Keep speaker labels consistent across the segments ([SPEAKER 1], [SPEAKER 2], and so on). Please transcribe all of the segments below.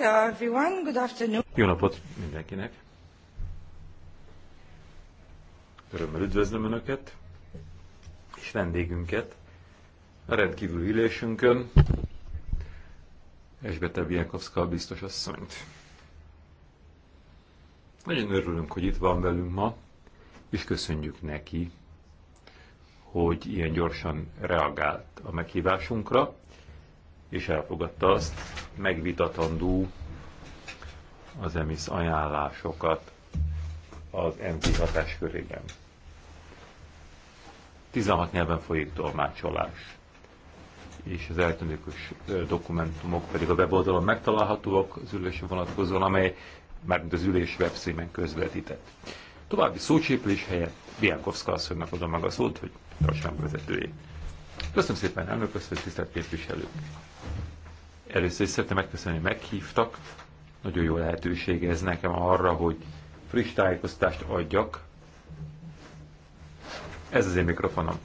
[SPEAKER 1] Hello everyone, good afternoon.
[SPEAKER 2] Jó napot mindenkinek. Örömmel üdvözlöm Önöket és vendégünket a rendkívül ülésünkön, Esbete Bielkowska biztos asszonyt. Nagyon örülünk, hogy itt van velünk ma, és köszönjük neki, hogy ilyen gyorsan reagált a meghívásunkra, és elfogadta azt, megvitatandó az EMISZ ajánlásokat az MV hatáskörében. 16 nyelven folyik tolmácsolás, és az elektronikus dokumentumok pedig a weboldalon megtalálhatóak az ülésre vonatkozóan, amely mármint az ülés webszímen közvetített. További szócséplés helyett Biankovszka asszonynak adom meg a szót, hogy tartsam vezetőjét. Köszönöm szépen, elnök, köszönöm, tisztelt képviselők! Először is szeretném megköszönni, hogy meghívtak. Nagyon jó lehetőség ez nekem arra, hogy friss tájékoztást adjak. Ez az én mikrofonom.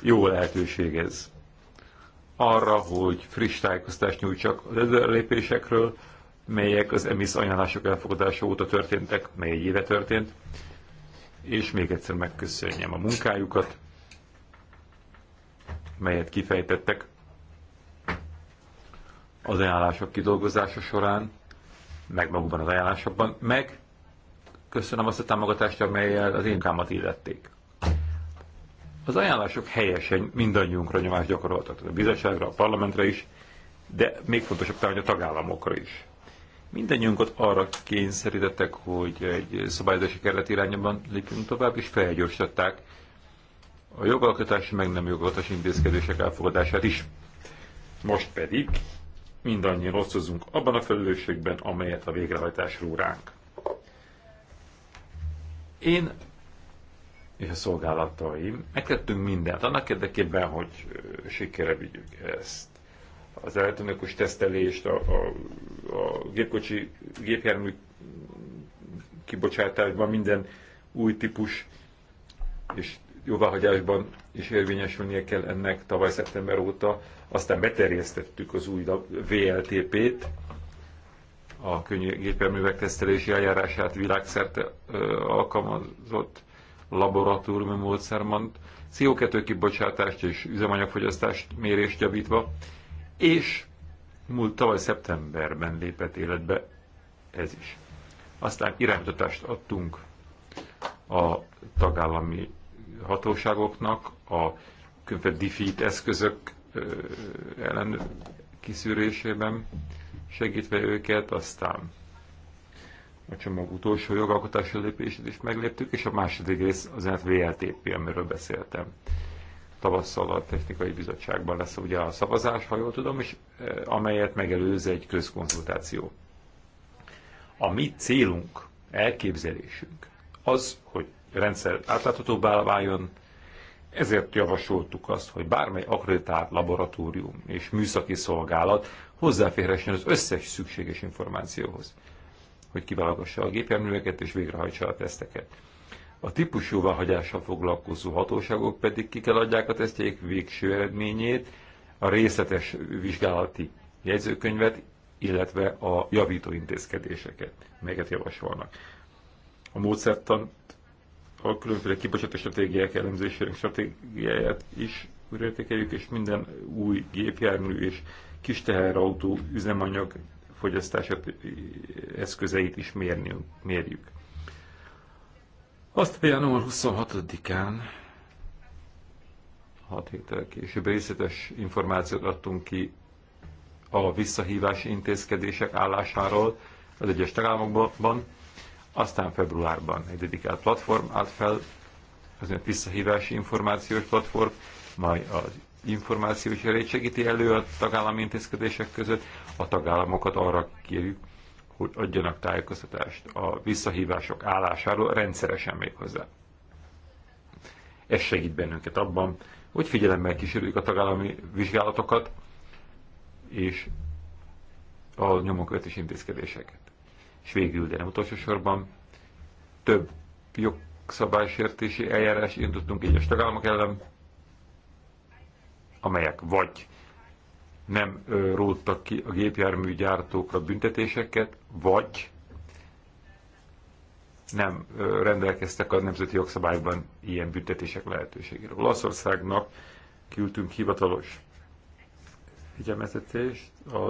[SPEAKER 2] Jó lehetőség ez arra, hogy friss tájékoztást nyújtsak az előrelépésekről, melyek az EMISZ ajánlások elfogadása óta történtek, mely egy éve történt, és még egyszer megköszönjem a munkájukat, melyet kifejtettek az ajánlások kidolgozása során, meg magukban az ajánlásokban, meg köszönöm azt a támogatást, amelyel az én kámat illették. Az ajánlások helyesen mindannyiunkra nyomást gyakoroltak, a bizottságra, a parlamentre is, de még fontosabb talán a tagállamokra is. Mindennyiunkat arra kényszerítettek, hogy egy szabályozási keret irányában lépjünk tovább, és felgyorsították a jogalkotási meg nem jogalkotási intézkedések elfogadását is. Most pedig mindannyian osztozunk abban a felelősségben, amelyet a végrehajtás ránk. Én és a szolgálataim megtettünk mindent annak érdekében, hogy sikere vigyük ezt. Az elektronikus tesztelést, a, a, a gépkocsi, gépjármű kibocsátásban minden új típus és jóváhagyásban is érvényesülnie kell ennek tavaly szeptember óta. Aztán beterjesztettük az új VLTP-t, a könnyű gépjárművek tesztelési eljárását világszerte ö, alkalmazott laboratóriumi módszermant, CO2 kibocsátást és üzemanyagfogyasztást mérést javítva, és múlt tavaly szeptemberben lépett életbe ez is. Aztán irányítást adtunk a tagállami hatóságoknak a különböző defeat eszközök ellen kiszűrésében segítve őket, aztán a csomag utolsó jogalkotási lépését is megléptük, és a második rész az VLTP, amiről beszéltem. Tavasszal a technikai bizottságban lesz ugye a szavazás, ha jól tudom, és amelyet megelőz egy közkonzultáció. A mi célunk, elképzelésünk az, hogy rendszer átláthatóbbá váljon, ezért javasoltuk azt, hogy bármely akreditált laboratórium és műszaki szolgálat hozzáférhessen az összes szükséges információhoz, hogy kiválogassa a gépjárműveket és végrehajtsa a teszteket. A típus jóváhagyással foglalkozó hatóságok pedig ki kell adják a tesztjeik végső eredményét, a részletes vizsgálati jegyzőkönyvet, illetve a javító intézkedéseket, melyeket javasolnak. A módszertant a különféle kibocsátó stratégiák elemzésének stratégiáját is újraértékeljük, és minden új gépjármű és kis teherautó üzemanyag fogyasztását, eszközeit is mérjük. Azt január 26-án, 6 héttel később részletes információt adtunk ki a visszahívási intézkedések állásáról az egyes tagállamokban, aztán februárban egy dedikált platform állt fel, az egy visszahívási információs platform, majd az információs erét segíti elő a tagállami intézkedések között. A tagállamokat arra kérjük, hogy adjanak tájékoztatást a visszahívások állásáról rendszeresen még hozzá. Ez segít bennünket abban, hogy figyelemmel kísérjük a tagállami vizsgálatokat és a nyomokövetés intézkedéseket és végül, de nem utolsó sorban több jogszabálysértési eljárás indultunk egyes tagállamok ellen, amelyek vagy nem róttak ki a gépjárműgyártókra büntetéseket, vagy nem rendelkeztek a nemzeti jogszabályban ilyen büntetések lehetőségére. Olaszországnak küldtünk hivatalos figyelmeztetést a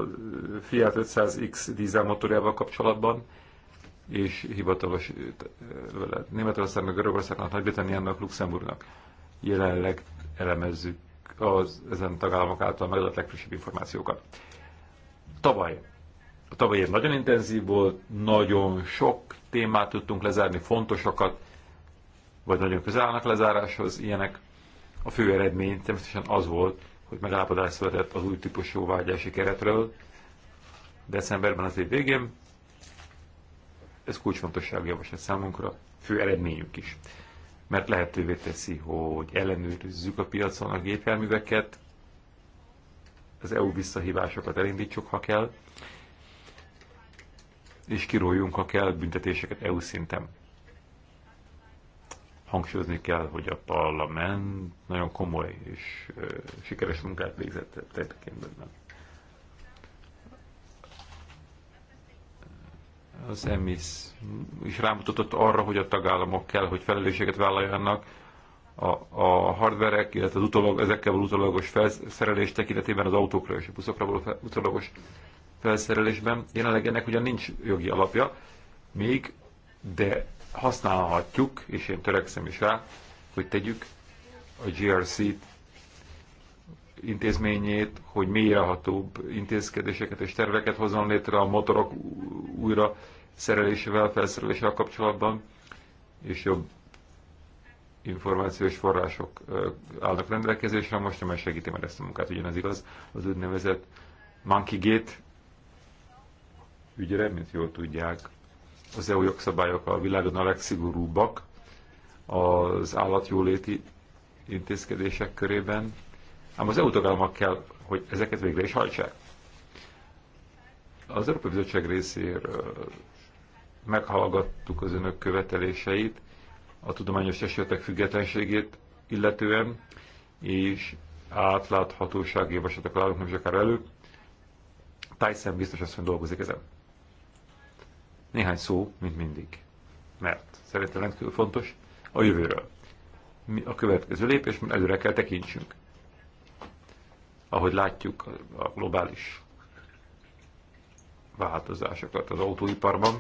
[SPEAKER 2] Fiat 500X dízelmotorjával kapcsolatban, és hivatalos vele Németországnak, Görögországnak, Nagy-Britanniának, Luxemburgnak jelenleg elemezzük az ezen tagállamok által megadott legfrissebb információkat. Tavaly. A tavaly év nagyon intenzív volt, nagyon sok témát tudtunk lezárni, fontosakat, vagy nagyon közel állnak lezáráshoz ilyenek. A fő eredmény természetesen az volt, hogy megállapodás született az új típusú vágyási keretről decemberben az év végén. Ez kulcsfontosság javaslat számunkra, fő eredményünk is. Mert lehetővé teszi, hogy ellenőrizzük a piacon a gépjárműveket, az EU visszahívásokat elindítsuk, ha kell, és kiroljunk, ha kell, büntetéseket EU szinten hangsúlyozni kell, hogy a parlament nagyon komoly és sikeres munkát végzett e tekintetben. Az EMIS is rámutatott arra, hogy a tagállamok kell, hogy felelősséget vállaljanak a, a hardverek, illetve az utolog, ezekkel való utolagos felszerelés tekintetében az autókra és a buszokra való fel, utolagos felszerelésben. Jelenleg ennek ugyan nincs jogi alapja, még, de használhatjuk, és én törekszem is rá, hogy tegyük a GRC intézményét, hogy mélyrehatóbb intézkedéseket és terveket hozzon létre a motorok újra szerelésével, felszerelésével kapcsolatban, és jobb információs források állnak rendelkezésre. Most nem segítem el ezt a munkát, ugyanez igaz, az úgynevezett Monkey Gate ügyre, mint jól tudják, az EU jogszabályok a világon a legszigorúbbak az állatjóléti intézkedések körében, ám az EU tagállamok kell, hogy ezeket végre is hajtsák. Az Európai Bizottság részéről meghallgattuk az önök követeléseit, a tudományos esetek függetlenségét illetően, és átláthatósági javaslatok állunk nem sokára elő. Tyson biztos azt, hogy dolgozik ezen. Néhány szó, mint mindig. Mert szerintem rendkívül fontos a jövőről. Mi a következő lépés, mert előre kell tekintsünk. Ahogy látjuk a globális változásokat az autóiparban,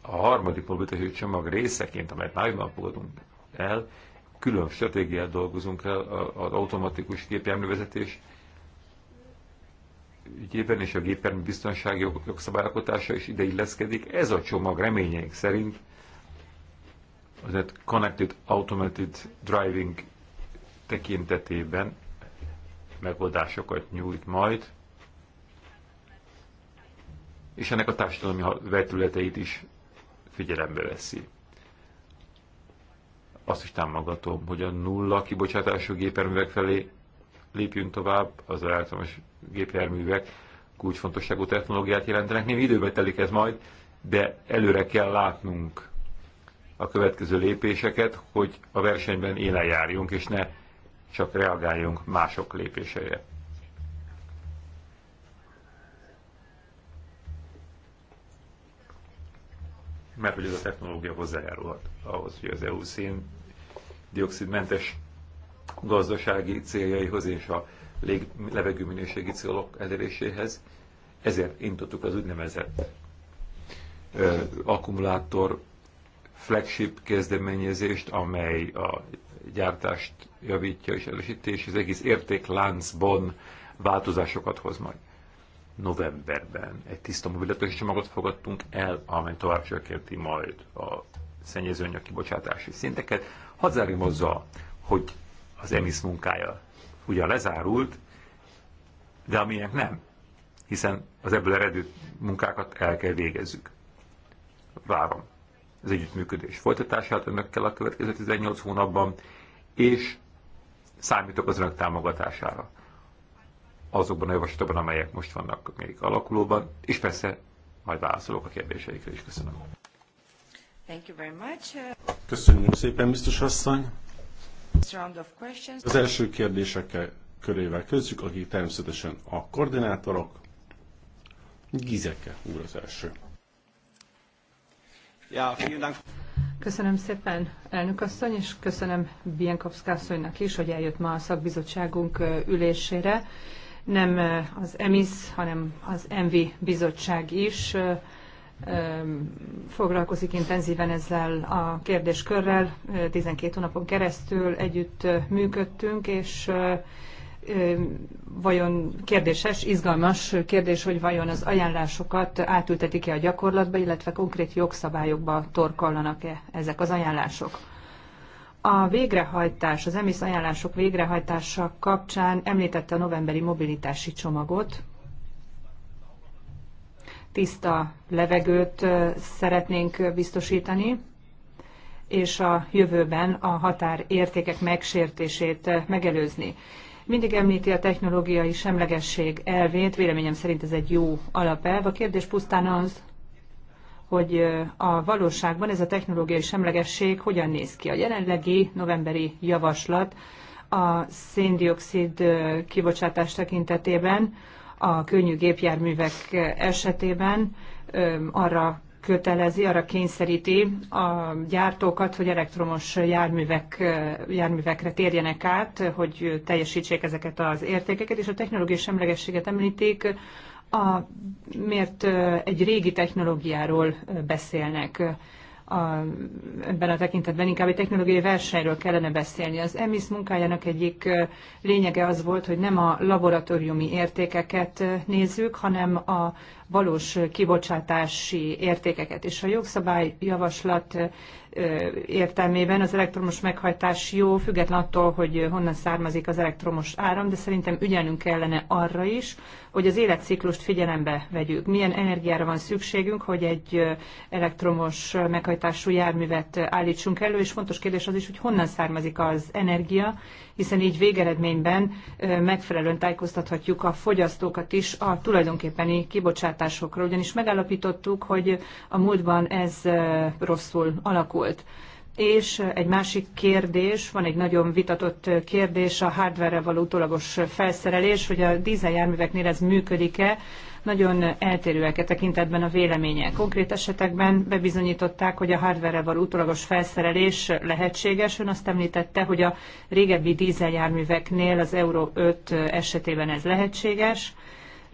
[SPEAKER 2] a harmadik mobilitási csomag részeként, amelyet májban fogadunk el, külön stratégiát dolgozunk el az automatikus gépjárművezetés ügyében és a gépen biztonsági jogszabályalkotása is ide illeszkedik. Ez a csomag reményeink szerint az Connected Automated Driving tekintetében megoldásokat nyújt majd, és ennek a társadalmi vetületeit is figyelembe veszi. Azt is támogatom, hogy a nulla kibocsátású géperművek felé lépjünk tovább, az elektromos gépjárművek kulcsfontosságú technológiát jelentenek. Némi időbe telik ez majd, de előre kell látnunk a következő lépéseket, hogy a versenyben élen járjunk, és ne csak reagáljunk mások lépéseire. Mert hogy ez a technológia hozzájárulhat ahhoz, hogy az EU szén dioxidmentes gazdasági céljaihoz és a lég, levegőminőségi célok eléréséhez. Ezért intottuk az úgynevezett ö, akkumulátor flagship kezdeményezést, amely a gyártást javítja és elősíti, és az egész értékláncban változásokat hoz majd. Novemberben egy tiszta mobilitási csomagot fogadtunk el, amely tovább csökkenti majd a szennyezőanyag kibocsátási szinteket. Hadd zárjam hogy az EMISZ munkája ugyan lezárult, de amilyenek nem, hiszen az ebből eredő munkákat el kell végezzük. Várom az együttműködés folytatását önökkel a következő 18 hónapban, és számítok az önök támogatására azokban a javaslatokban, amelyek most vannak még alakulóban, és persze majd válaszolok a kérdéseikre is. Köszönöm.
[SPEAKER 1] Thank you very much.
[SPEAKER 2] Köszönjük szépen, biztos asszony.
[SPEAKER 3] Az első
[SPEAKER 4] kérdésekkel körével közzük, akik természetesen a koordinátorok. Gizeke úr az első.
[SPEAKER 1] Köszönöm szépen, elnök asszony, és köszönöm Bienkowska asszonynak is, hogy eljött ma a szakbizottságunk ülésére. Nem az EMIS, hanem az ENVI bizottság is foglalkozik intenzíven ezzel a kérdéskörrel. 12 hónapon keresztül együtt működtünk, és vajon kérdéses, izgalmas kérdés, hogy vajon az ajánlásokat átültetik-e a gyakorlatba, illetve konkrét jogszabályokba torkollanak-e ezek az ajánlások. A végrehajtás, az EMISZ ajánlások végrehajtása kapcsán említette a novemberi mobilitási csomagot, tiszta levegőt szeretnénk biztosítani, és a jövőben a határértékek megsértését megelőzni. Mindig említi a technológiai semlegesség elvét, véleményem szerint ez egy jó alapelv. A kérdés pusztán az, hogy a valóságban ez a technológiai semlegesség hogyan néz ki. A jelenlegi novemberi javaslat a széndiokszid kibocsátás tekintetében a könnyű gépjárművek esetében arra kötelezi, arra kényszeríti a gyártókat, hogy elektromos járművek, járművekre térjenek át, hogy teljesítsék ezeket az értékeket, és a technológiai semlegességet említik, a, miért egy régi technológiáról beszélnek a, ebben a tekintetben inkább egy technológiai versenyről kellene beszélni. Az EMIS munkájának egyik lényege az volt, hogy nem a laboratóriumi értékeket nézzük, hanem a valós kibocsátási értékeket. És a jogszabályjavaslat értelmében az elektromos meghajtás jó, független attól, hogy honnan származik az elektromos áram, de szerintem ügyelnünk kellene arra is, hogy az életciklust figyelembe vegyük. Milyen energiára van szükségünk, hogy egy elektromos meghajtású járművet állítsunk elő, és fontos kérdés az is, hogy honnan származik az energia, hiszen így végeredményben megfelelően tájékoztathatjuk a fogyasztókat is a tulajdonképpeni kibocsátásokra, ugyanis megállapítottuk, hogy a múltban ez rosszul alakult bonyolult. És egy másik kérdés, van egy nagyon vitatott kérdés, a hardware való utólagos felszerelés, hogy a dízeljárműveknél ez működik-e, nagyon eltérőek e tekintetben a vélemények. Konkrét esetekben bebizonyították, hogy a hardware való utólagos felszerelés lehetséges. Ön azt említette, hogy a régebbi dízeljárműveknél az Euro 5 esetében ez lehetséges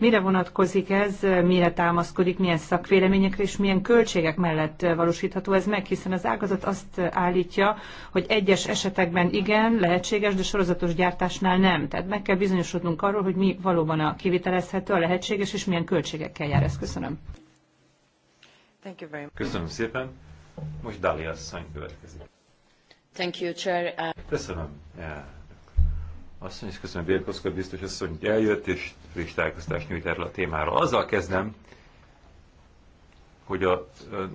[SPEAKER 1] Mire vonatkozik ez, mire támaszkodik, milyen szakvéleményekre és milyen költségek mellett valósítható ez meg, hiszen az ágazat azt állítja, hogy egyes esetekben igen, lehetséges, de sorozatos gyártásnál nem. Tehát meg kell bizonyosodnunk arról, hogy mi valóban a kivitelezhető, a lehetséges és milyen költségekkel jár Ezt Köszönöm. Thank you very much.
[SPEAKER 2] Köszönöm szépen. Most Dália asszony következik.
[SPEAKER 1] Thank you,
[SPEAKER 3] Chair. Uh,
[SPEAKER 2] Köszönöm. Yeah. Azt mondja, és köszönöm Bérkoszka biztos asszony, hogy eljött, és friss tájékoztást nyújt erről a témáról. Azzal kezdem, hogy a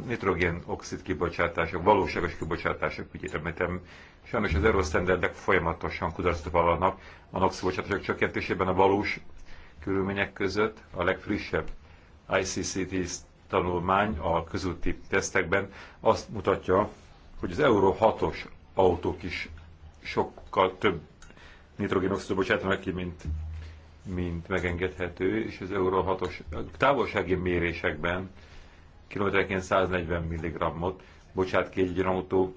[SPEAKER 2] nitrogén oxid kibocsátások, valóságos kibocsátások úgy értem, Sajnos az eurosztenderdek folyamatosan kudarcot vallanak a NOx kibocsátások csökkentésében a valós körülmények között. A legfrissebb ICCT tanulmány a közúti tesztekben azt mutatja, hogy az Euró 6-os autók is sokkal több nitrogénoxidot bocsátanak ki, mint, mint megengedhető, és az Euró 6-os távolsági mérésekben kilométerenként 140 mg-ot bocsát ki egy autó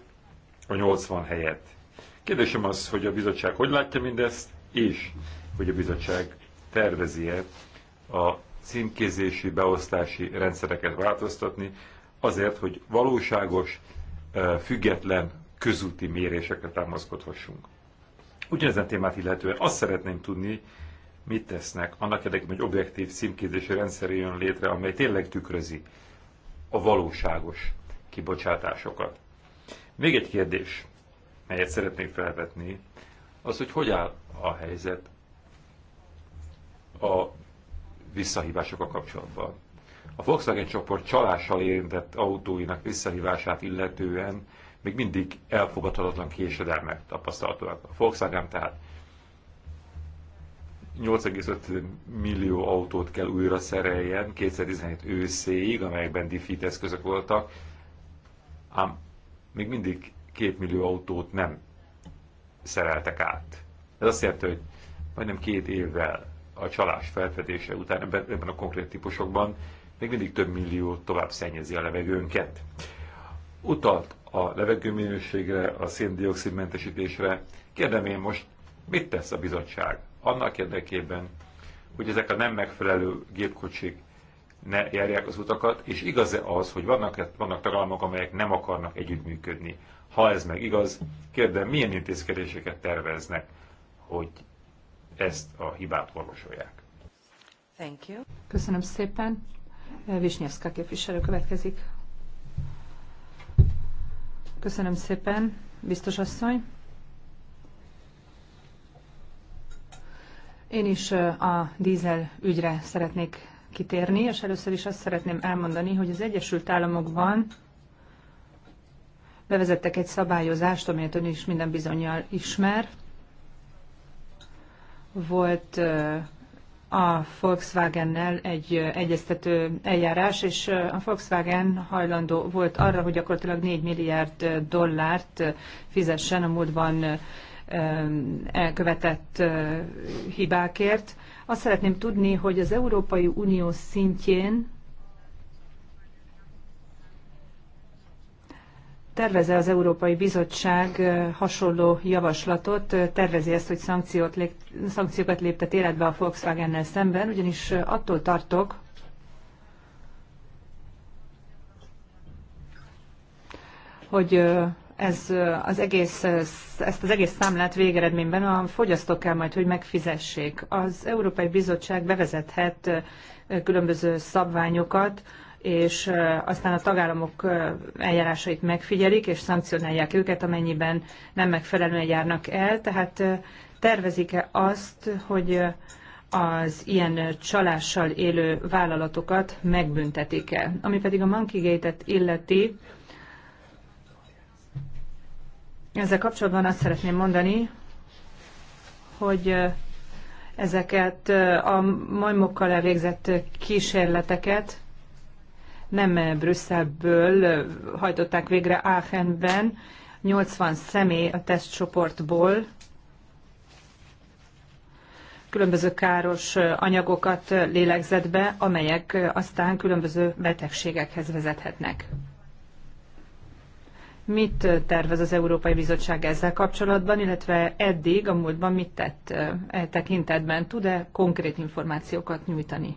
[SPEAKER 2] a 80 helyett. Kérdésem az, hogy a bizottság hogy látja mindezt, és hogy a bizottság tervezi-e a címkézési, beosztási rendszereket változtatni, azért, hogy valóságos, független közúti méréseket támaszkodhassunk. Ugyanezen témát illetően azt szeretném tudni, mit tesznek annak érdekében, hogy objektív címkézési rendszer jön létre, amely tényleg tükrözi a valóságos kibocsátásokat. Még egy kérdés, melyet szeretnék felvetni, az, hogy hogy áll a helyzet a visszahívásokkal kapcsolatban. A Volkswagen csoport csalással érintett autóinak visszahívását illetően még mindig elfogadhatatlan késedelmek tapasztalatóak. A Volkswagen tehát 8,5 millió autót kell újra szereljen 2017 őszéig, amelyekben defeat eszközök voltak, ám még mindig 2 millió autót nem szereltek át. Ez azt jelenti, hogy majdnem két évvel a csalás felfedése után ebben, ebben a konkrét típusokban még mindig több millió tovább szennyezi a levegőnket utalt a levegőminőségre, a széndiokszid mentesítésre. Kérdem én most, mit tesz a bizottság annak érdekében, hogy ezek a nem megfelelő gépkocsik ne járják az utakat, és igaz-e az, hogy vannak, vannak tagállamok, amelyek nem akarnak együttműködni? Ha ez meg igaz, kérdem, milyen intézkedéseket terveznek, hogy ezt a hibát orvosolják?
[SPEAKER 1] Thank you. Köszönöm szépen. Visnyevszka képviselő következik. Köszönöm szépen, biztos asszony. Én is a dízel ügyre szeretnék kitérni, és először is azt szeretném elmondani, hogy az Egyesült Államokban bevezettek egy szabályozást, amelyet ön is minden bizonyal ismer. Volt a Volkswagen-nel egy egyeztető eljárás, és a Volkswagen hajlandó volt arra, hogy gyakorlatilag 4 milliárd dollárt fizessen a múltban elkövetett hibákért. Azt szeretném tudni, hogy az Európai Unió szintjén Tervez Tervez-e az Európai Bizottság hasonló javaslatot, tervezi ezt, hogy szankciót lép, szankciókat léptet életbe a Volkswagen-nel szemben, ugyanis attól tartok, hogy ez az egész, ezt az egész számlát végeredményben a fogyasztók kell majd, hogy megfizessék. Az Európai Bizottság bevezethet különböző szabványokat, és aztán a tagállamok eljárásait megfigyelik, és szankcionálják őket, amennyiben nem megfelelően járnak el. Tehát tervezik-e azt, hogy az ilyen csalással élő vállalatokat megbüntetik-e? Ami pedig a Monkeygate-et illeti, ezzel kapcsolatban azt szeretném mondani, hogy ezeket a majmokkal elvégzett kísérleteket nem Brüsszelből hajtották végre Aachenben, 80 személy a tesztcsoportból különböző káros anyagokat be, amelyek aztán különböző betegségekhez vezethetnek. Mit tervez az Európai Bizottság ezzel kapcsolatban, illetve eddig, a múltban mit tett e tekintetben? Tud-e konkrét információkat nyújtani?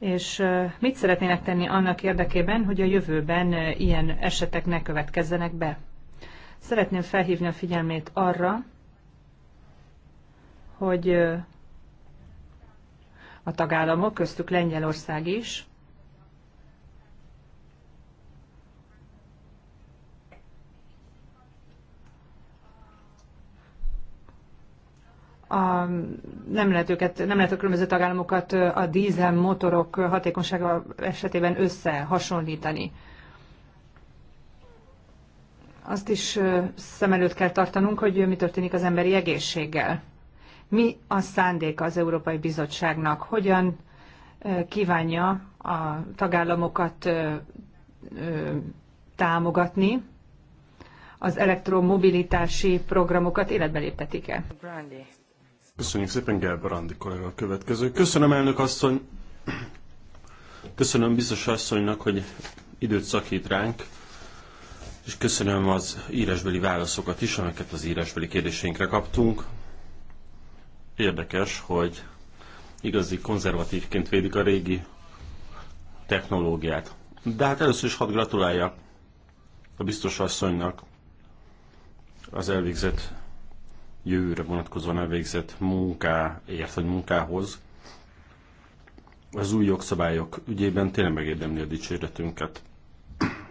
[SPEAKER 1] és mit szeretnének tenni annak érdekében, hogy a jövőben ilyen esetek ne következzenek be? Szeretném felhívni a figyelmét arra, hogy a tagállamok, köztük Lengyelország is, a, nem lehet őket, nem lehet a különböző tagállamokat a dízel motorok hatékonysága esetében összehasonlítani. Azt is szem előtt kell tartanunk, hogy mi történik az emberi egészséggel. Mi a szándéka az Európai Bizottságnak? Hogyan kívánja a tagállamokat támogatni, az elektromobilitási programokat életbe léptetik-e?
[SPEAKER 4] Köszönjük szépen, Andi kollega a következő. Köszönöm elnök asszony, köszönöm biztos asszonynak, hogy időt szakít ránk, és köszönöm az írásbeli válaszokat is, amiket az írásbeli kérdéseinkre kaptunk. Érdekes, hogy igazi konzervatívként védik a régi technológiát. De hát először is hadd gratuláljak a biztos asszonynak az elvégzett jövőre vonatkozóan elvégzett munkáért vagy munkához, az új jogszabályok ügyében tényleg megérdemli a dicséretünket.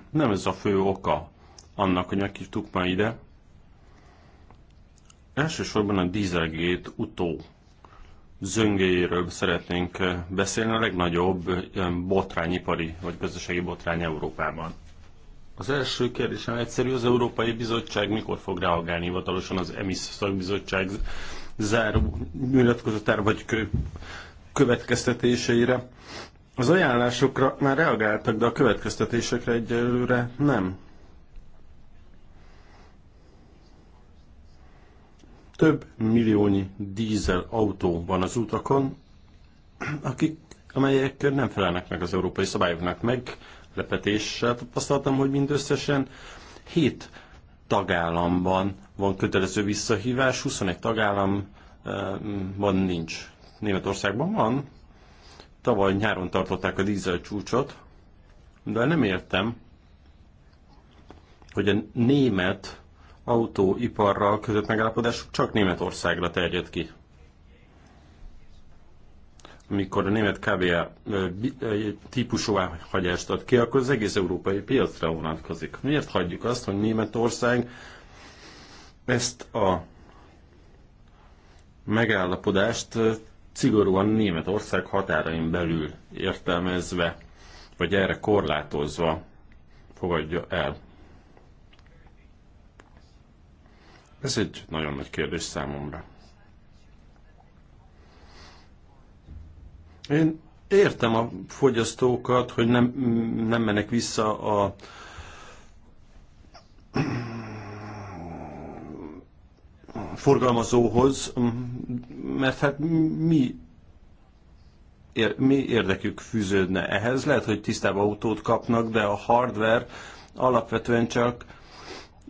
[SPEAKER 4] Nem ez a fő oka annak, hogy meghívtuk ma ide. Elsősorban a Dieselgate utó zöngéjéről szeretnénk beszélni, a legnagyobb botrányipari vagy gazdasági botrány Európában. Az első kérdésem egyszerű, az Európai Bizottság mikor fog reagálni hivatalosan az EMIS szakbizottság záró nyilatkozatára vagy kö, következtetéseire? Az ajánlásokra már reagáltak, de a következtetésekre egyelőre nem. Több milliónyi dízel autó van az utakon, akik, amelyek nem felelnek meg az európai szabályoknak. Meg lepetéssel tapasztaltam, hogy mindösszesen 7 tagállamban van kötelező visszahívás, 21 tagállamban eh, nincs. Németországban van. Tavaly nyáron tartották a dízel csúcsot, de nem értem, hogy a német autóiparral kötött megállapodásuk csak Németországra terjed ki mikor a német kávé típusú hagyást ad ki, akkor az egész európai piacra vonatkozik. Miért hagyjuk azt, hogy Németország ezt a megállapodást szigorúan Németország határain belül értelmezve, vagy erre korlátozva fogadja el? Ez egy nagyon nagy kérdés számomra. Én értem a fogyasztókat, hogy nem, nem mennek vissza a forgalmazóhoz, mert hát mi, ér, mi érdekük fűződne ehhez. Lehet, hogy tisztább autót kapnak, de a hardware alapvetően csak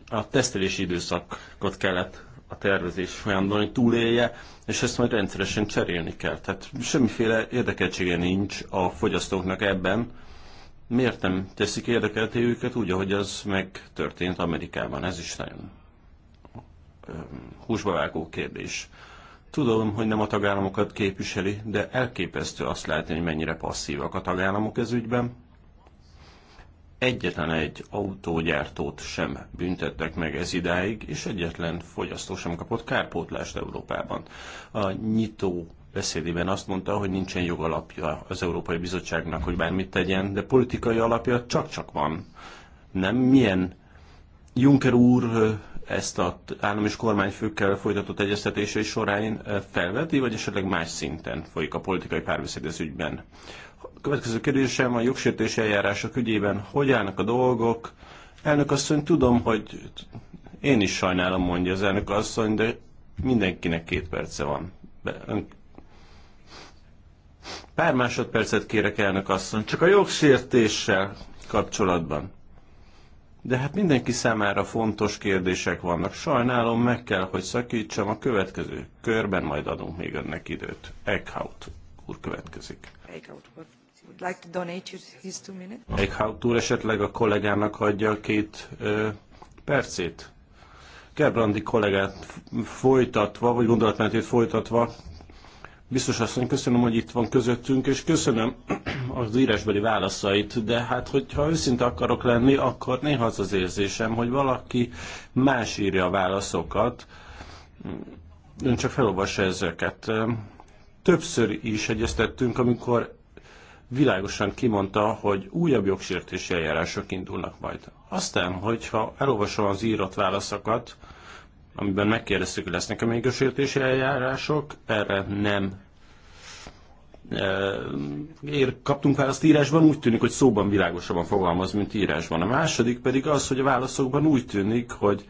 [SPEAKER 4] a tesztelési időszakot kellett a tervezés folyamban, hogy túlélje, és ezt majd rendszeresen cserélni kell. Tehát semmiféle érdekeltsége nincs a fogyasztóknak ebben, miért nem teszik érdekelté őket úgy, ahogy az megtörtént Amerikában. Ez is nagyon húsbavágó kérdés. Tudom, hogy nem a tagállamokat képviseli, de elképesztő azt látni, hogy mennyire passzívak a tagállamok ez ügyben egyetlen egy autógyártót sem büntettek meg ez idáig, és egyetlen fogyasztó sem kapott kárpótlást Európában. A nyitó beszédében azt mondta, hogy nincsen jogalapja az Európai Bizottságnak, hogy bármit tegyen, de politikai alapja csak-csak van. Nem? Milyen Juncker úr ezt az állam és kormányfőkkel folytatott egyeztetései során felveti, vagy esetleg más szinten folyik a politikai párbeszéd az ügyben következő kérdésem a jogsértés eljárások ügyében. Hogy állnak a dolgok? Elnök asszony, tudom, hogy én is sajnálom, mondja az elnök asszony, de mindenkinek két perce van. ön... Pár másodpercet kérek, elnök asszony, csak a jogsértéssel kapcsolatban. De hát mindenki számára fontos kérdések vannak. Sajnálom, meg kell, hogy szakítsam. A következő körben majd adunk még önnek időt. Eckhout úr következik. Eckhout úr. Egy like to esetleg a kollégának adja két ö, percét? Gerbrandi kollégát folytatva, vagy gondolatmenetét folytatva, biztos asszony, köszönöm, hogy itt van közöttünk, és köszönöm az írásbeli válaszait, de hát, hogyha őszinte akarok lenni, akkor néha az az érzésem, hogy valaki más írja a válaszokat, ön csak felolvassa ezeket. Többször is egyeztettünk, amikor világosan kimondta, hogy újabb jogsértési eljárások indulnak majd. Aztán, hogyha elolvasom az írott válaszokat, amiben megkérdeztük, hogy lesznek-e még jogsértési eljárások, erre nem e, ér, kaptunk választ írásban, úgy tűnik, hogy szóban világosabban fogalmaz, mint írásban. A második pedig az, hogy a válaszokban úgy tűnik, hogy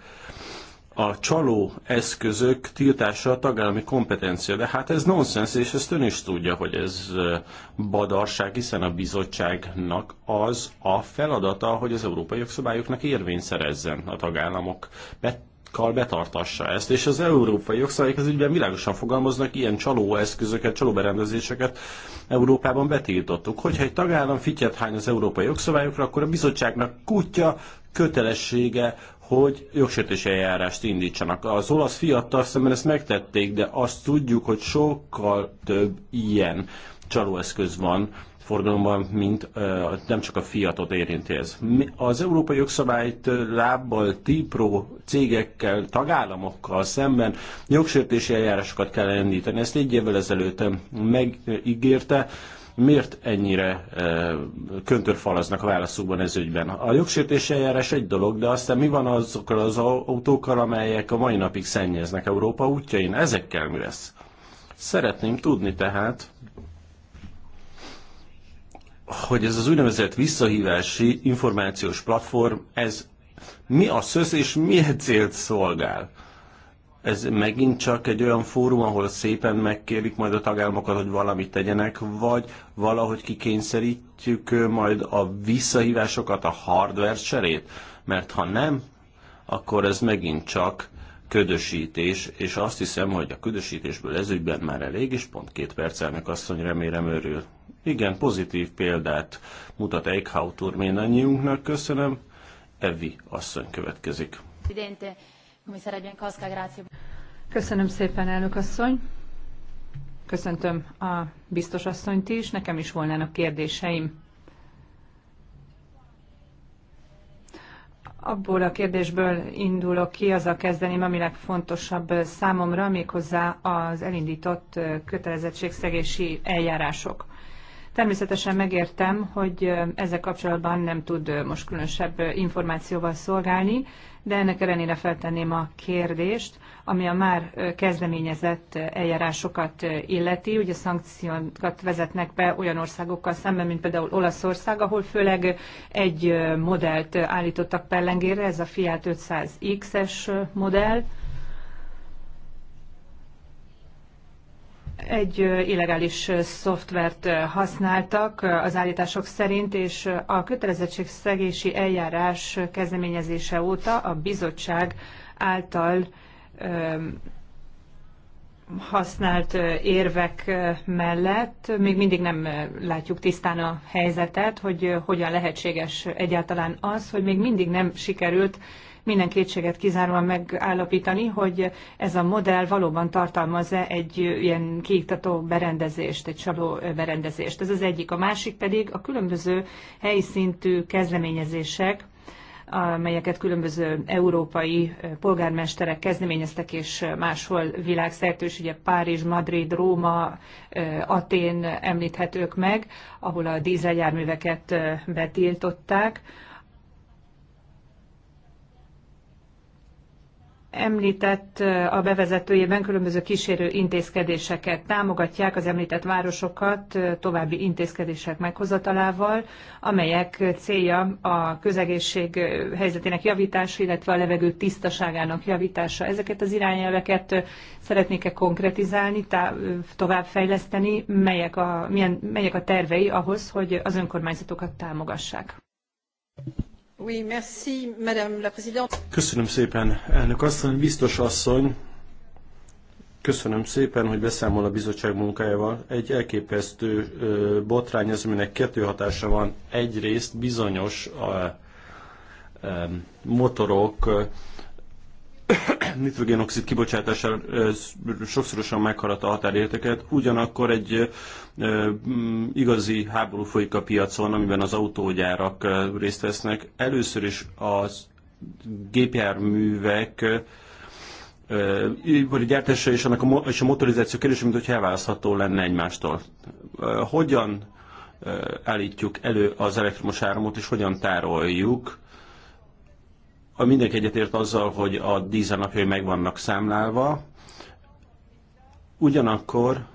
[SPEAKER 4] a csaló eszközök tiltása a tagállami kompetencia. De hát ez nonsens, és ezt ön is tudja, hogy ez badarság, hiszen a bizottságnak az a feladata, hogy az európai jogszabályoknak érvényt szerezzen a tagállamok. Bet kal betartassa ezt, és az európai jogszabályok az ügyben világosan fogalmaznak, ilyen csaló eszközöket, csaló berendezéseket Európában betiltottuk. Hogyha egy tagállam fityet hány az európai jogszabályokra, akkor a bizottságnak kutya kötelessége, hogy jogsértés eljárást indítsanak. Az olasz fiatal szemben ezt megtették, de azt tudjuk, hogy sokkal több ilyen csalóeszköz van forgalomban, mint nem csak a fiatot érinti ez. Az európai jogszabályt lábbal típró cégekkel, tagállamokkal szemben jogsértési eljárásokat kell indítani. Ezt egy évvel ezelőtt megígérte miért ennyire e, köntörfalaznak a válaszukban ez ügyben? A jogsértés eljárás egy dolog, de aztán mi van azokkal az autókkal, amelyek a mai napig szennyeznek Európa útjain? Ezekkel mi lesz? Szeretném tudni tehát, hogy ez az úgynevezett visszahívási információs platform, ez mi a szösz és milyen célt szolgál? ez megint csak egy olyan fórum, ahol szépen megkérik majd a tagállamokat, hogy valamit tegyenek, vagy valahogy kikényszerítjük majd a visszahívásokat, a hardware cserét? Mert ha nem, akkor ez megint csak ködösítés, és azt hiszem, hogy a ködösítésből ez ügyben már elég, és pont két perc elnök asszony remélem örül. Igen, pozitív példát mutat Eichhaut úr mindannyiunknak, köszönöm. Evi asszony következik.
[SPEAKER 1] Köszönöm szépen, elnök asszony. Köszöntöm a biztos asszonyt is, nekem is volnának kérdéseim. Abból a kérdésből indulok ki, az a kezdeném, ami legfontosabb számomra, méghozzá az elindított kötelezettségszegési eljárások. Természetesen megértem, hogy ezzel kapcsolatban nem tud most különösebb információval szolgálni, de ennek ellenére feltenném a kérdést, ami a már kezdeményezett eljárásokat illeti. Ugye szankciókat vezetnek be olyan országokkal szemben, mint például Olaszország, ahol főleg egy modellt állítottak pellengére, ez a Fiat 500X-es modell, egy illegális szoftvert használtak az állítások szerint, és a kötelezettségszegési eljárás kezdeményezése óta a bizottság által használt érvek mellett még mindig nem látjuk tisztán a helyzetet, hogy hogyan lehetséges egyáltalán az, hogy még mindig nem sikerült minden kétséget kizáróan megállapítani, hogy ez a modell valóban tartalmaz-e egy ilyen kiiktató berendezést, egy csaló berendezést. Ez az egyik. A másik pedig a különböző helyi szintű kezdeményezések, amelyeket különböző európai polgármesterek kezdeményeztek, és máshol világszerte és ugye Párizs, Madrid, Róma, Atén említhetők meg, ahol a dízeljárműveket betiltották, említett a bevezetőjében különböző kísérő intézkedéseket támogatják az említett városokat további intézkedések meghozatalával, amelyek célja a közegészség helyzetének javítása, illetve a levegő tisztaságának javítása. Ezeket az irányelveket szeretnék-e konkretizálni, továbbfejleszteni, melyek a, milyen, melyek a tervei ahhoz, hogy az önkormányzatokat támogassák?
[SPEAKER 4] Köszönöm szépen, elnök asszony, biztos asszony. Köszönöm szépen, hogy beszámol a bizottság munkájával. Egy elképesztő botrány az, aminek kettő hatása van. Egyrészt bizonyos a, a, motorok nitrogénoxid kibocsátására sokszorosan meghaladta a határértéket, ugyanakkor egy igazi háború folyik a piacon, amiben az autógyárak részt vesznek. Először is az gépjárművek vagy a gyártása és, annak a, és a motorizáció kérdése, mint hogyha elválasztható lenne egymástól. Hogyan állítjuk elő az elektromos áramot, és hogyan tároljuk? A mindenki egyetért azzal, hogy a napjai meg vannak számlálva, ugyanakkor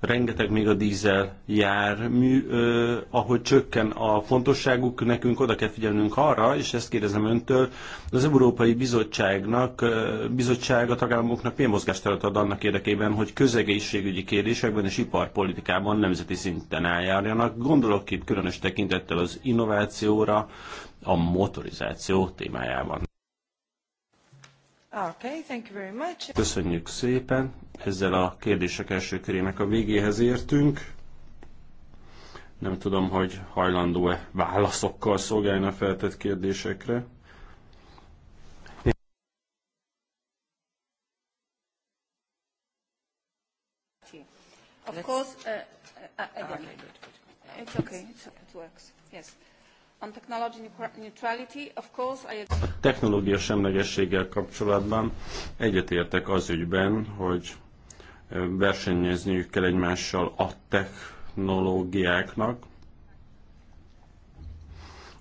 [SPEAKER 4] rengeteg még a dízel jármű, ö, ahogy csökken a fontosságuk, nekünk oda kell figyelnünk arra, és ezt kérdezem öntől, az Európai Bizottságnak, ö, bizottság a tagállamoknak milyen mozgásteret ad annak érdekében, hogy közegészségügyi kérdésekben és iparpolitikában nemzeti szinten eljárjanak. Gondolok itt különös tekintettel az innovációra, a motorizáció témájában.
[SPEAKER 1] Okay, thank you very much.
[SPEAKER 4] Köszönjük szépen. Ezzel a kérdések első körének a végéhez értünk. Nem tudom, hogy hajlandó-e válaszokkal szolgálni a feltett kérdésekre.
[SPEAKER 3] Of course, uh, uh, uh again. Okay, good, good. It's okay, it's, it works. Yes.
[SPEAKER 4] Technológia semlegességgel kapcsolatban egyetértek az ügyben, hogy versenyezniük kell egymással a technológiáknak.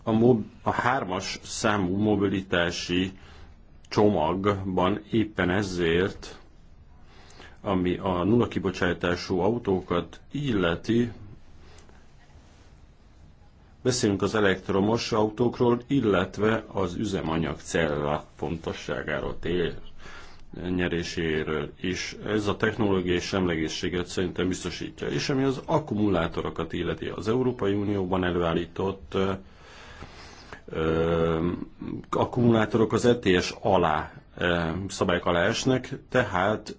[SPEAKER 4] A, mob, a hármas számú mobilitási csomagban éppen ezért, ami a nulla kibocsátású autókat illeti, Beszélünk az elektromos autókról, illetve az üzemanyag cella fontosságáról, tél nyeréséről is. Ez a technológiai semlegészséget szerintem biztosítja. És ami az akkumulátorokat illeti, az Európai Unióban előállított ö, akkumulátorok az ETS alá szabályok alá esnek, tehát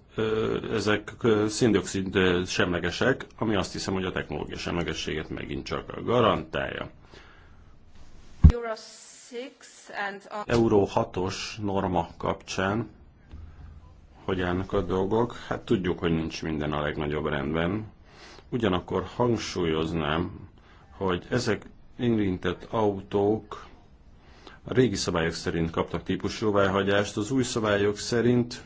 [SPEAKER 4] ezek széndiokszid semlegesek, ami azt hiszem, hogy a technológia semlegességet megint csak garantálja. Euró 6-os norma kapcsán hogy állnak a dolgok? Hát tudjuk, hogy nincs minden a legnagyobb rendben. Ugyanakkor hangsúlyoznám, hogy ezek érintett autók a régi szabályok szerint kaptak típusjóváhagyást, az új szabályok szerint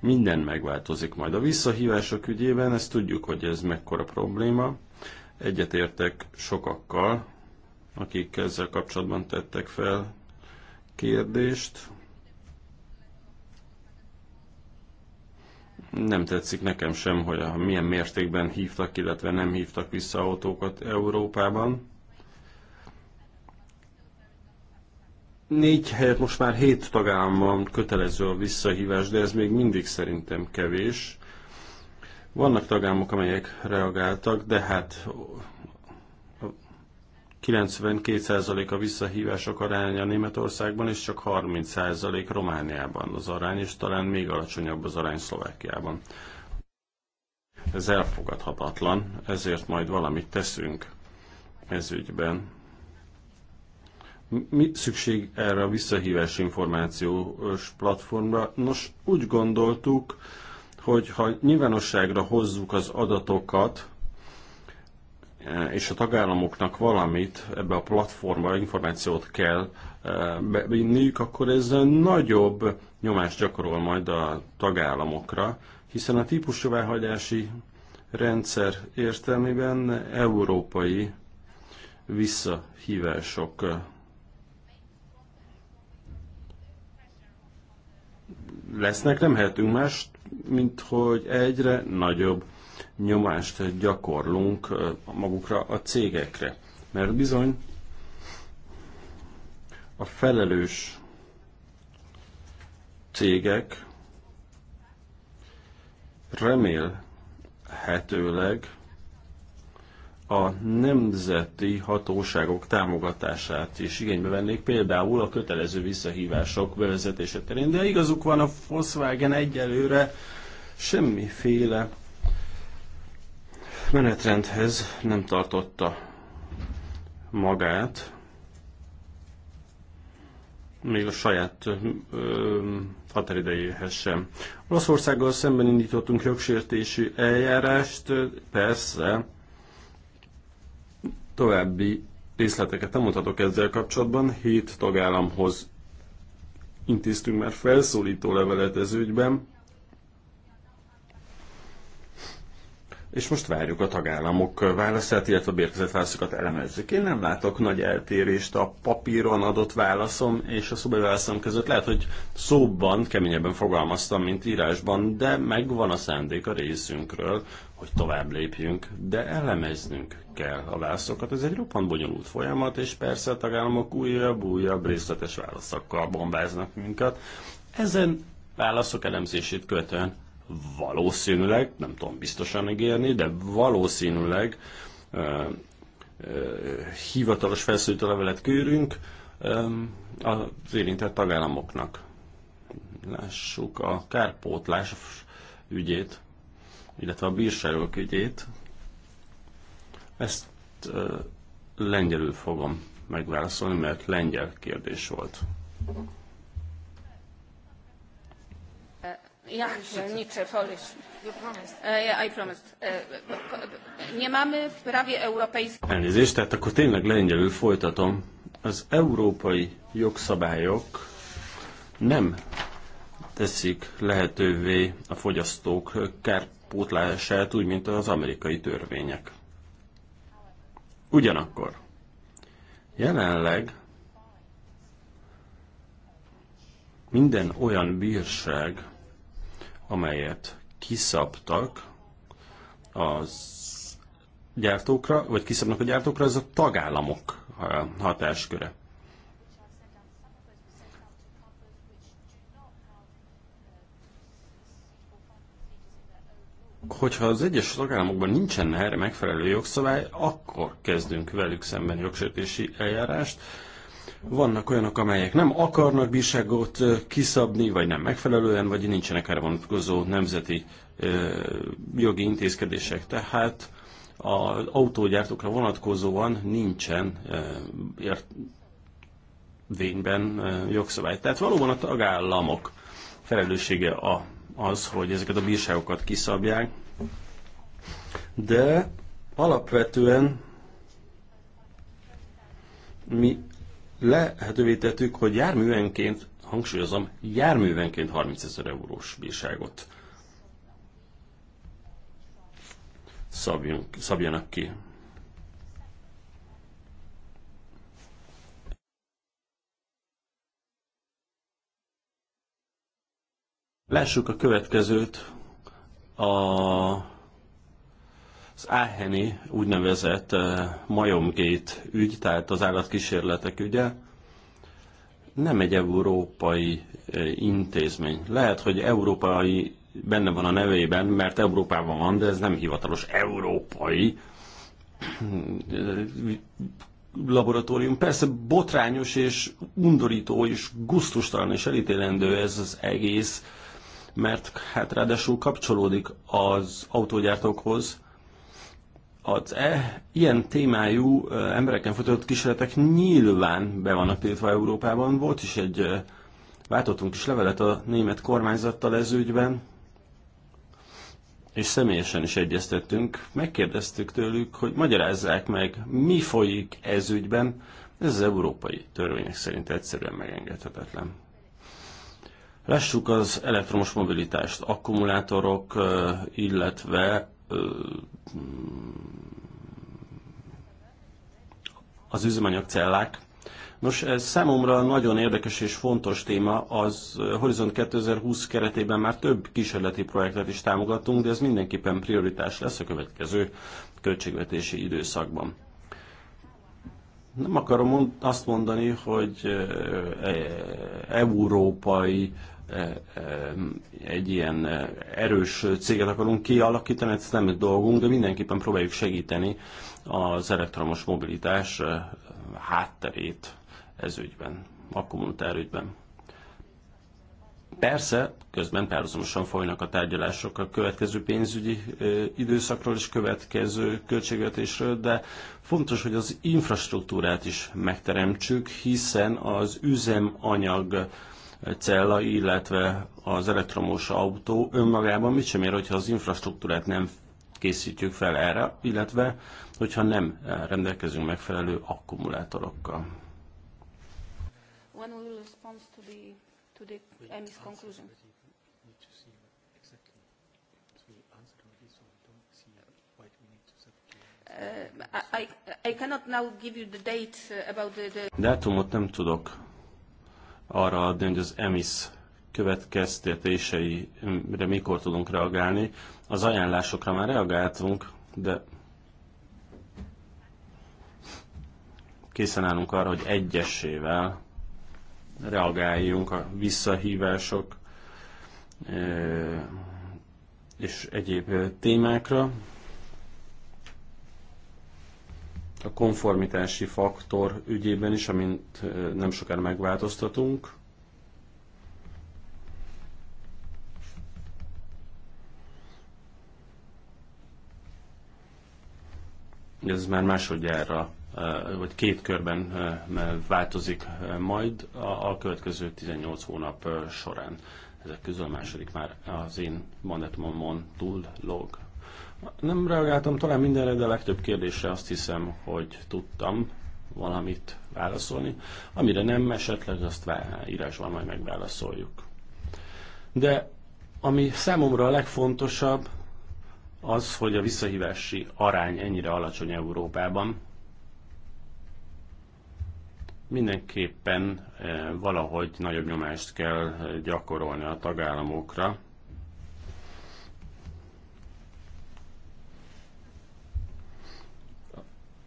[SPEAKER 4] minden megváltozik majd. A visszahívások ügyében ezt tudjuk, hogy ez mekkora probléma. Egyetértek sokakkal, akik ezzel kapcsolatban tettek fel kérdést. Nem tetszik nekem sem, hogy a, milyen mértékben hívtak, illetve nem hívtak vissza autókat Európában. Négy helyet most már hét tagállamban kötelező a visszahívás, de ez még mindig szerintem kevés. Vannak tagállamok, amelyek reagáltak, de hát 92% a visszahívások aránya Németországban, és csak 30% Romániában az arány, és talán még alacsonyabb az arány Szlovákiában. Ez elfogadhatatlan, ezért majd valamit teszünk ez ügyben. Mi szükség erre a visszahívás információs platformra? Nos, úgy gondoltuk, hogy ha nyilvánosságra hozzuk az adatokat, Eh, és a tagállamoknak valamit ebbe a platformba információt kell eh, bevinniük, akkor ez nagyobb nyomást gyakorol majd a tagállamokra, hiszen a típusjóváhagyási rendszer értelmében európai visszahívások eh, lesznek, nem lehetünk más, mint hogy egyre nagyobb nyomást gyakorlunk magukra a cégekre. Mert bizony a felelős cégek remélhetőleg a nemzeti hatóságok támogatását is igénybe vennék, például a kötelező visszahívások bevezetése terén. De igazuk van, a Volkswagen egyelőre semmiféle menetrendhez nem tartotta magát, még a saját határidejéhez sem. Olaszországgal szemben indítottunk jogsértési eljárást, persze további részleteket nem mutatok ezzel kapcsolatban, hét tagállamhoz intéztünk már felszólító levelet ez ügyben, és most várjuk a tagállamok válaszát, illetve a bérkezett válaszokat elemezzük. Én nem látok nagy eltérést a papíron adott válaszom és a szóbeli válaszom között. Lehet, hogy szóban keményebben fogalmaztam, mint írásban, de megvan a szándék a részünkről, hogy tovább lépjünk, de elemeznünk kell a válaszokat. Ez egy roppant bonyolult folyamat, és persze a tagállamok újabb-újabb részletes válaszokkal bombáznak minket. Ezen válaszok elemzését követően valószínűleg, nem tudom biztosan ígérni, de valószínűleg uh, uh, hivatalos felszólító levelet kérünk um, az érintett tagállamoknak. Lássuk a kárpótlás ügyét, illetve a bírságok ügyét. Ezt uh, lengyelül fogom megválaszolni, mert lengyel kérdés volt.
[SPEAKER 3] Ja, pierniczę, Polish. E, I promised. E, nie mamy w prawie europejskim...
[SPEAKER 4] Elnézést, tehát akkor tényleg lengyelül folytatom. Az európai jogszabályok nem teszik lehetővé a fogyasztók kárpótlását, úgy, mint az amerikai törvények. Ugyanakkor jelenleg minden olyan bírság, amelyet kiszabtak az gyártókra, vagy kiszabnak a gyártókra, az a tagállamok hatásköre. Hogyha az egyes tagállamokban nincsen erre megfelelő jogszabály, akkor kezdünk velük szemben jogsértési eljárást, vannak olyanok, amelyek nem akarnak bírságot kiszabni, vagy nem megfelelően, vagy nincsenek erre vonatkozó nemzeti jogi intézkedések. Tehát az autógyártókra vonatkozóan nincsen vényben jogszabály. Tehát valóban a tagállamok felelőssége a, az, hogy ezeket a bírságokat kiszabják, de alapvetően mi lehetővé tettük, hogy járművenként, hangsúlyozom, járművenként 30 ezer eurós bírságot szabjunk, szabjanak ki. Lássuk a következőt, a az Áheni úgynevezett eh, majomgét ügy, tehát az állatkísérletek ügye, nem egy európai eh, intézmény. Lehet, hogy európai benne van a nevében, mert Európában van, de ez nem hivatalos európai eh, laboratórium. Persze botrányos és undorító és guztustalan és elítélendő ez az egész, mert hát ráadásul kapcsolódik az autógyártókhoz, az e, ilyen témájú embereken folytatott kísérletek nyilván be vannak tiltva Európában. Volt is egy, váltottunk is levelet a német kormányzattal ez ügyben, és személyesen is egyeztettünk. Megkérdeztük tőlük, hogy magyarázzák meg, mi folyik ez ügyben. Ez az európai törvények szerint egyszerűen megengedhetetlen. Lássuk az elektromos mobilitást, akkumulátorok, illetve az üzemanyag cellák. Nos, ez számomra nagyon érdekes és fontos téma, az Horizont 2020 keretében már több kísérleti projektet is támogatunk, de ez mindenképpen prioritás lesz a következő költségvetési időszakban. Nem akarom azt mondani, hogy e-, európai egy ilyen erős céget akarunk kialakítani, ez nem egy dolgunk, de mindenképpen próbáljuk segíteni az elektromos mobilitás hátterét ez ügyben, a kommunitár ügyben. Persze, közben párhuzamosan folynak a tárgyalások a következő pénzügyi időszakról és következő költségvetésről, de fontos, hogy az infrastruktúrát is megteremtsük, hiszen az üzemanyag cella, illetve az elektromos autó önmagában mit sem ér, hogyha az infrastruktúrát nem készítjük fel erre, illetve hogyha nem rendelkezünk megfelelő akkumulátorokkal.
[SPEAKER 3] When will respond to the, to the EMI's conclusion? Uh, I, I cannot now give you the date uh, about the, the...
[SPEAKER 4] Dátumot nem tudok arra adni, hogy az EMIS következtetéseire mikor tudunk reagálni. Az ajánlásokra már reagáltunk, de készen állunk arra, hogy egyesével reagáljunk a visszahívások eh, és egyéb témákra a konformitási faktor ügyében is, amint nem sokára megváltoztatunk. Ez már másodjára, vagy két körben változik majd a következő 18 hónap során. Ezek közül a második már az én mandátumomon túl log. Nem reagáltam talán mindenre, de a legtöbb kérdésre azt hiszem, hogy tudtam valamit válaszolni. Amire nem, esetleg azt írásban majd megválaszoljuk. De ami számomra a legfontosabb, az, hogy a visszahívási arány ennyire alacsony Európában, mindenképpen eh, valahogy nagyobb nyomást kell eh, gyakorolni a tagállamokra,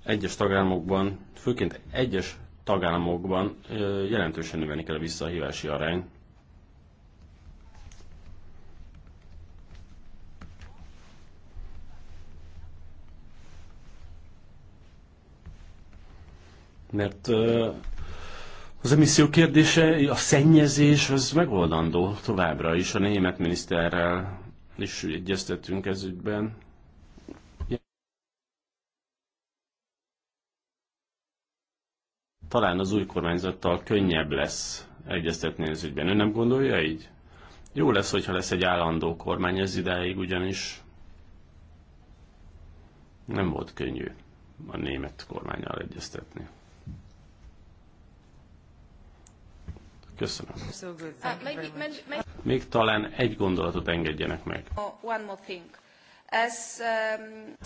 [SPEAKER 4] egyes tagállamokban, főként egyes tagállamokban jelentősen növelni kell a visszahívási arány. Mert az emisszió kérdése, a szennyezés, az megoldandó továbbra is. A német miniszterrel is egyeztettünk ez ügyben. talán az új kormányzattal könnyebb lesz egyeztetni az ügyben. Ön nem gondolja így? Jó lesz, hogyha lesz egy állandó kormány ez ideig ugyanis nem volt könnyű a német kormányjal egyeztetni. Köszönöm.
[SPEAKER 3] Uh,
[SPEAKER 4] még talán egy gondolatot engedjenek meg.
[SPEAKER 3] Oh, um,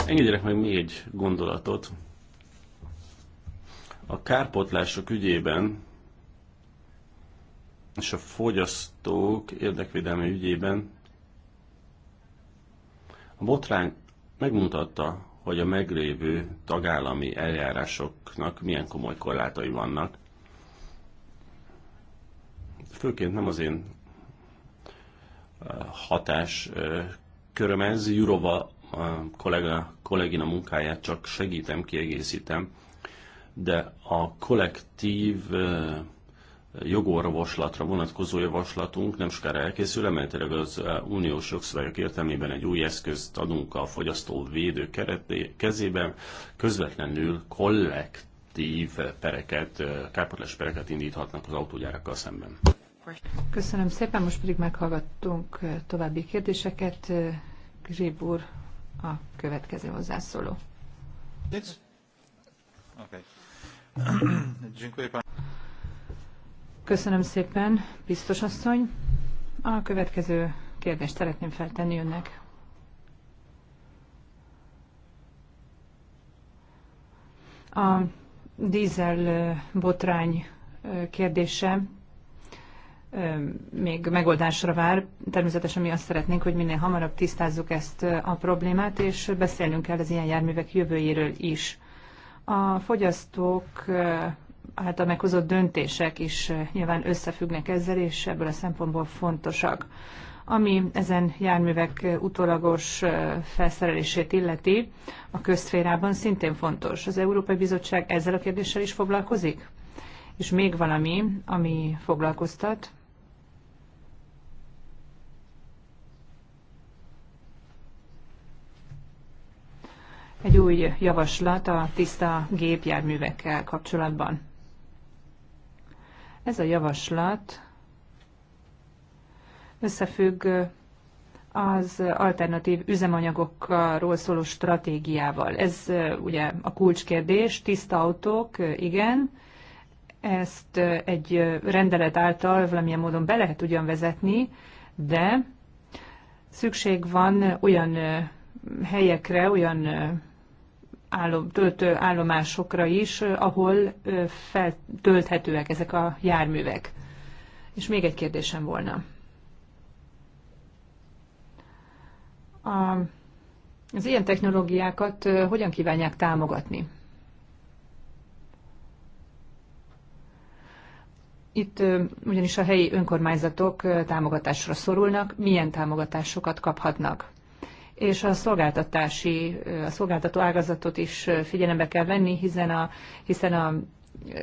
[SPEAKER 3] engedjenek
[SPEAKER 4] meg még egy gondolatot. A kárpotlások ügyében és a fogyasztók érdekvédelmi ügyében a botrány megmutatta, hogy a meglévő tagállami eljárásoknak milyen komoly korlátai vannak. Főként nem az én eh, hatás eh, köröm ez, Jurova a eh, kollega, kollégina munkáját csak segítem, kiegészítem, de a kollektív jogorvoslatra vonatkozó javaslatunk nem sokára elkészül, remélhetőleg az uniós jogszabályok értelmében egy új eszközt adunk a fogyasztó védő kezében, közvetlenül kollektív pereket, kárpotlás pereket indíthatnak az autógyárakkal szemben.
[SPEAKER 1] Köszönöm szépen, most pedig meghallgattunk további kérdéseket. Grzib úr, a következő hozzászóló. Okay. Köszönöm szépen, biztos asszony. A következő kérdést szeretném feltenni önnek. A dízel botrány kérdése még megoldásra vár. Természetesen mi azt szeretnénk, hogy minél hamarabb tisztázzuk ezt a problémát, és beszélnünk kell az ilyen járművek jövőjéről is. A fogyasztók által meghozott döntések is nyilván összefüggnek ezzel, és ebből a szempontból fontosak. Ami ezen járművek utólagos felszerelését illeti, a közszférában szintén fontos. Az Európai Bizottság ezzel a kérdéssel is foglalkozik? És még valami, ami foglalkoztat, egy új javaslat a tiszta gépjárművekkel kapcsolatban. Ez a javaslat összefügg az alternatív üzemanyagokról szóló stratégiával. Ez ugye a kulcskérdés, tiszta autók, igen, ezt egy rendelet által valamilyen módon be lehet ugyan vezetni, de szükség van olyan helyekre, olyan állom, töltő állomásokra is, ahol feltölthetőek ezek a járművek. És még egy kérdésem volna. A, az ilyen technológiákat hogyan kívánják támogatni? Itt ugyanis a helyi önkormányzatok támogatásra szorulnak, milyen támogatásokat kaphatnak? és a szolgáltatási, a szolgáltató ágazatot is figyelembe kell venni, hiszen a, hiszen a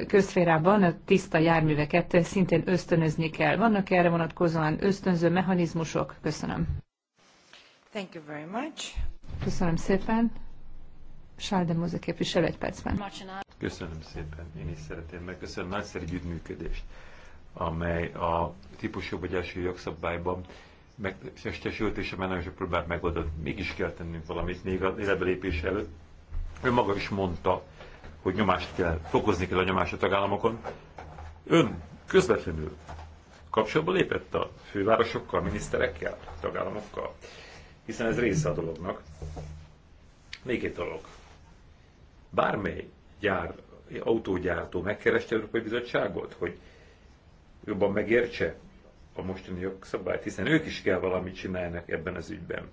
[SPEAKER 1] közférában a tiszta járműveket szintén ösztönözni kell. Vannak erre vonatkozóan ösztönző mechanizmusok? Köszönöm. Thank you very much. Köszönöm szépen. Sálde Móze képviselő egy percben.
[SPEAKER 2] Köszönöm szépen. Én is szeretném megköszönöm nagyszerű együttműködést, amely a típusú vagy első jogszabályban megtestesült, és a menedzser próbált megoldani. Mégis kell tennünk valamit még az életbelépés előtt. Ő maga is mondta, hogy nyomást kell, fokozni kell a nyomást a tagállamokon. Ön közvetlenül kapcsolatba lépett a fővárosokkal, miniszterekkel, tagállamokkal, hiszen ez része a dolognak. Még egy dolog. Bármely gyár, autógyártó megkereste Európai Bizottságot, hogy jobban megértse a mostani jogszabályt, hiszen ők is kell valamit csinálnak ebben az ügyben.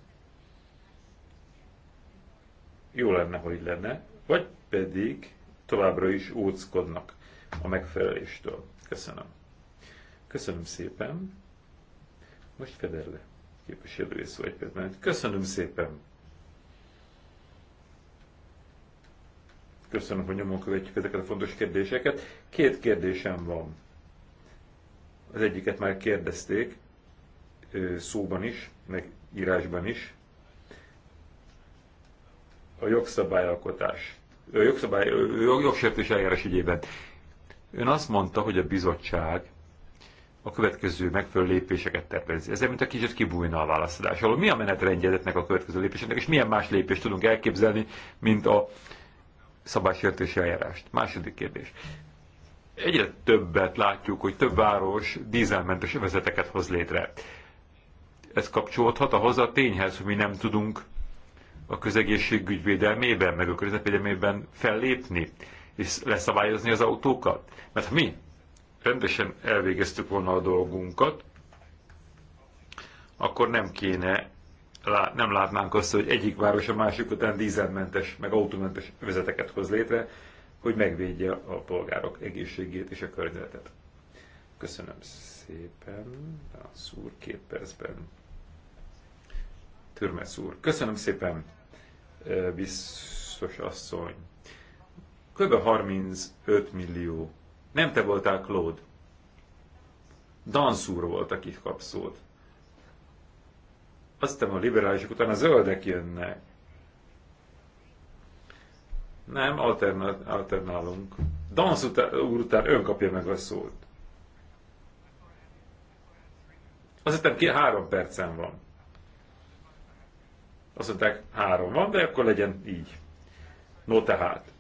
[SPEAKER 2] Jó lenne, hogy lenne, vagy pedig továbbra is óckodnak a megfeleléstől. Köszönöm. Köszönöm szépen. Most fedel le. Képviselője szó egy percben. Köszönöm szépen. Köszönöm, hogy nyomon követjük ezeket a fontos kérdéseket. Két kérdésem van. Az egyiket már kérdezték szóban is, meg írásban is. A jogszabályalkotás, a jogszabály, jog, jogsértés eljárás ügyében. Ön azt mondta, hogy a bizottság a következő megfelelő lépéseket tervezi. Ezért, mint a kicsit kibújna a választás Alul, Mi a menetrendjedetnek a következő lépéseknek, és milyen más lépést tudunk elképzelni, mint a szabálysértési eljárást? Második kérdés egyre többet látjuk, hogy több város dízelmentes övezeteket hoz létre. Ez kapcsolódhat ahhoz a tényhez, hogy mi nem tudunk a közegészségügy védelmében, meg a környezetvédelmében fellépni, és leszabályozni az autókat. Mert ha mi rendesen elvégeztük volna a dolgunkat, akkor nem kéne, nem látnánk azt, hogy egyik város a másik után dízelmentes, meg autómentes vezeteket hoz létre, hogy megvédje a polgárok egészségét és a környezetet. Köszönöm szépen. A szúr két percben. Türmes úr. Köszönöm szépen, biztos asszony. Kb. 35 millió. Nem te voltál, Claude. Danszúr volt, aki kap szót. Aztán a liberálisok után a zöldek jönnek. Nem, alternál, alternálunk. Dans úr után ön kapja meg a szót. Azt hiszem, ki három percen van. Azt mondták, három van, de akkor legyen így. No tehát.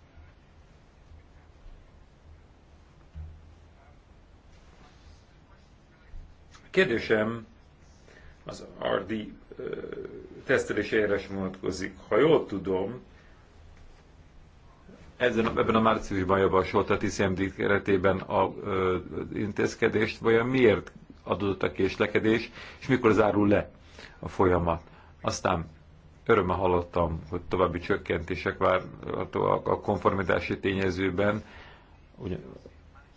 [SPEAKER 2] Kérdésem az RD tesztelésére is vonatkozik. Ha jól tudom, ezen, ebben a márciusban javasolt a TCMD keretében a ö, intézkedést, vagy miért adódott a késlekedés, és mikor zárul le a folyamat. Aztán örömmel hallottam, hogy további csökkentések várhatóak a konformitási tényezőben. Ugyan,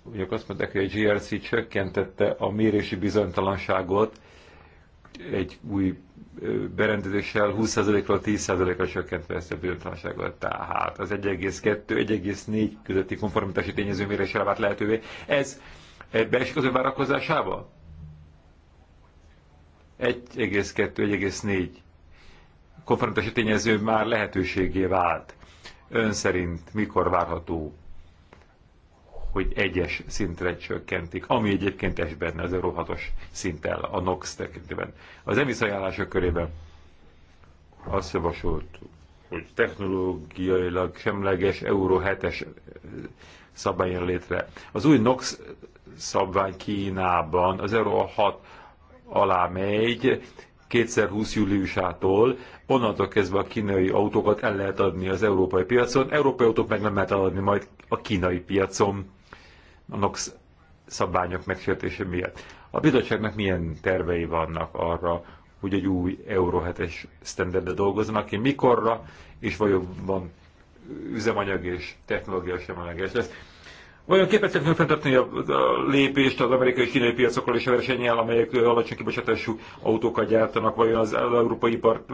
[SPEAKER 2] ugyan azt mondták, hogy a GRC csökkentette a mérési bizonytalanságot egy új berendezéssel 20%-ról 10%-ra csökkentve ezt a bizonytalanságot. Tehát az 1,2-1,4 közötti konformitási tényező mérésre vált lehetővé. Ez eh, beesik az ön várakozásába? 1,2-1,4 konformitási tényező már lehetőségé vált. Ön szerint mikor várható hogy egyes szintre csökkentik, ami egyébként esbenne az Euró 6-os szinttel, a NOx tekintében. Az EMISZ ajánlások körében azt javasolt, hogy technológiailag semleges Euró 7-es szabvány jön létre. Az új NOx szabvány Kínában az Euró 6 alá megy, 2020 júliusától, onnantól kezdve a kínai autókat el lehet adni az európai piacon, európai autók meg nem lehet adni majd a kínai piacon a NOx szabványok megsértése miatt. A bizottságnak milyen tervei vannak arra, hogy egy új Euro 7-es standardbe dolgoznak ki, mikorra, és vajon van üzemanyag és technológia sem lesz. Vajon képes felfenntartani a, a lépést az amerikai és kínai piacokról és a versenyel, amelyek alacsony kibocsátású autókat gyártanak, vajon az, az európai ipar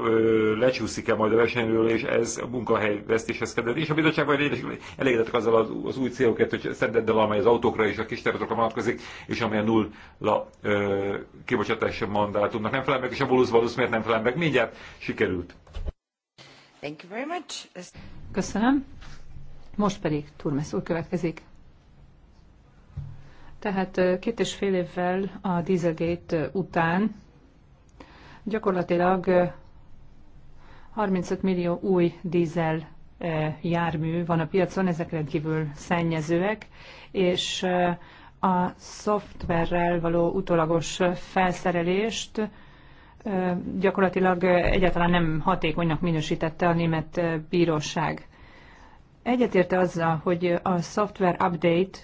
[SPEAKER 2] lecsúszik-e majd a versenyről, és ez a vesztéshez kezdett. És a bizottság vagy elégedettek azzal az, az új CO2 szendeddel, amely az autókra és a kis területokra vonatkozik, és amely a nulla ö, kibocsátási mandátumnak nem felel meg, és a bolusz valószínűleg nem felel meg. Mindjárt sikerült.
[SPEAKER 1] Thank you very much. Köszönöm. Most pedig Turmes úr következik. Tehát két és fél évvel a Dieselgate után gyakorlatilag 35 millió új dízel jármű van a piacon, ezek rendkívül szennyezőek, és a szoftverrel való utolagos felszerelést gyakorlatilag egyáltalán nem hatékonynak minősítette a német bíróság. Egyetérte azzal, hogy a szoftver update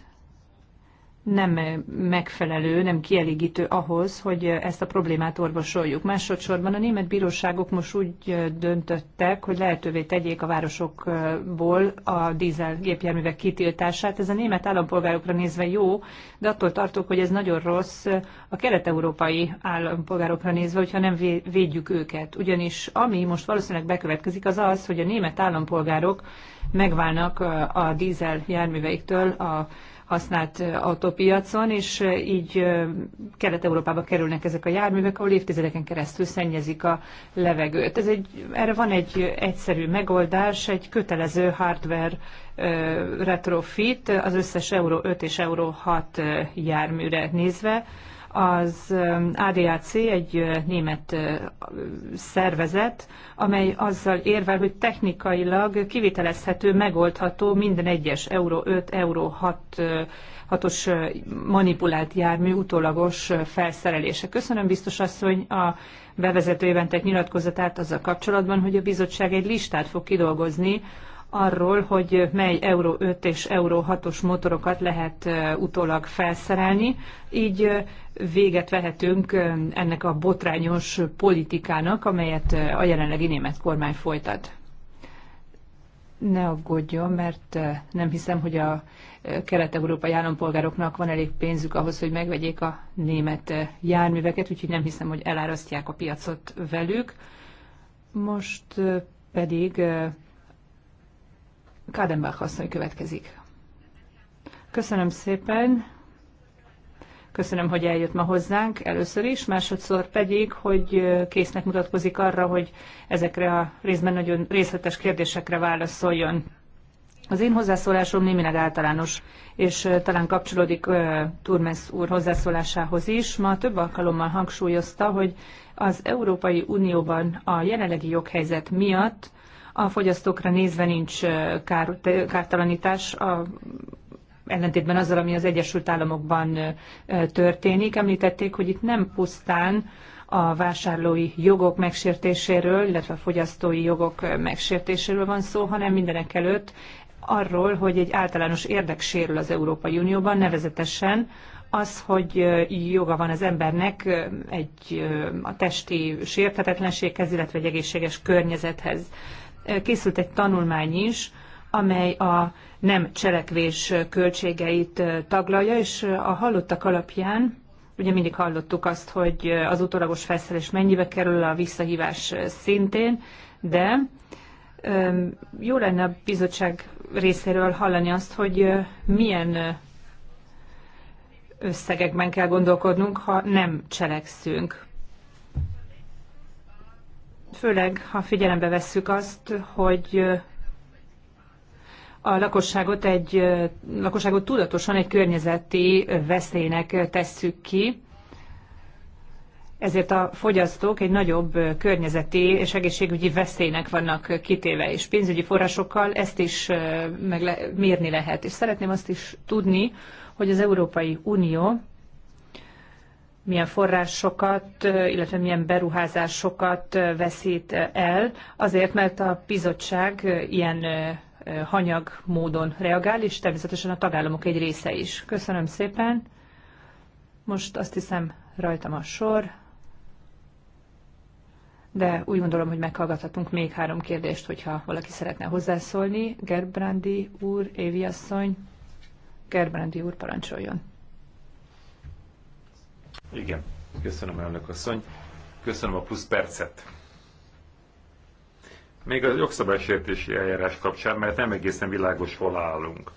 [SPEAKER 1] nem megfelelő, nem kielégítő ahhoz, hogy ezt a problémát orvosoljuk. Másodszorban a német bíróságok most úgy döntöttek, hogy lehetővé tegyék a városokból a dízel gépjárművek kitiltását. Ez a német állampolgárokra nézve jó, de attól tartok, hogy ez nagyon rossz a kelet-európai állampolgárokra nézve, hogyha nem védjük őket. Ugyanis ami most valószínűleg bekövetkezik, az az, hogy a német állampolgárok megválnak a dízel járműveiktől a használt autópiacon, és így Kelet-Európába kerülnek ezek a járművek, ahol évtizedeken keresztül szennyezik a levegőt. Ez egy, erre van egy egyszerű megoldás, egy kötelező hardware retrofit az összes Euro 5 és Euro 6 járműre nézve, az ADAC egy német szervezet, amely azzal érvel, hogy technikailag kivitelezhető, megoldható minden egyes euró 5, euró 6 hatos manipulált jármű utólagos felszerelése. Köszönöm biztos asszony a bevezetőjében tett nyilatkozatát azzal kapcsolatban, hogy a bizottság egy listát fog kidolgozni arról, hogy mely Euró 5 és Euró 6-os motorokat lehet utólag felszerelni. Így véget vehetünk ennek a botrányos politikának, amelyet a jelenlegi német kormány folytat. Ne aggódjon, mert nem hiszem, hogy a kelet-európai állampolgároknak van elég pénzük ahhoz, hogy megvegyék a német járműveket, úgyhogy nem hiszem, hogy elárasztják a piacot velük. Most pedig Kádenbach asszony következik. Köszönöm szépen. Köszönöm, hogy eljött ma hozzánk először is, másodszor pedig, hogy késznek mutatkozik arra, hogy ezekre a részben nagyon részletes kérdésekre válaszoljon. Az én hozzászólásom némileg általános, és talán kapcsolódik uh, Turmes úr hozzászólásához is. Ma több alkalommal hangsúlyozta, hogy az Európai Unióban a jelenlegi joghelyzet miatt a fogyasztókra nézve nincs kár, kártalanítás, a, ellentétben azzal, ami az Egyesült Államokban történik. Említették, hogy itt nem pusztán a vásárlói jogok megsértéséről, illetve a fogyasztói jogok megsértéséről van szó, hanem mindenek előtt arról, hogy egy általános érdek sérül az Európai Unióban, nevezetesen az, hogy joga van az embernek egy a testi sérthetetlenséghez, illetve egy egészséges környezethez készült egy tanulmány is, amely a nem cselekvés költségeit taglalja, és a hallottak alapján Ugye mindig hallottuk azt, hogy az utólagos felszerelés mennyibe kerül, a visszahívás szintén, de jó lenne a bizottság részéről hallani azt, hogy milyen összegekben kell gondolkodnunk, ha nem cselekszünk főleg ha figyelembe vesszük azt, hogy a lakosságot, egy, lakosságot tudatosan egy környezeti veszélynek tesszük ki, ezért a fogyasztók egy nagyobb környezeti és egészségügyi veszélynek vannak kitéve, és pénzügyi forrásokkal ezt is meg le, mérni lehet. És szeretném azt is tudni, hogy az Európai Unió milyen forrásokat, illetve milyen beruházásokat veszít el, azért, mert a bizottság ilyen hanyag módon reagál, és természetesen a tagállamok egy része is. Köszönöm szépen. Most azt hiszem rajtam a sor, de úgy gondolom, hogy meghallgathatunk még három kérdést, hogyha valaki szeretne hozzászólni. Gerbrandi úr, Évi asszony. Gerbrandi úr, parancsoljon.
[SPEAKER 2] Igen, köszönöm elnök asszony. Köszönöm a plusz percet. Még a jogszabálysértési eljárás kapcsán, mert nem egészen világos, hol állunk.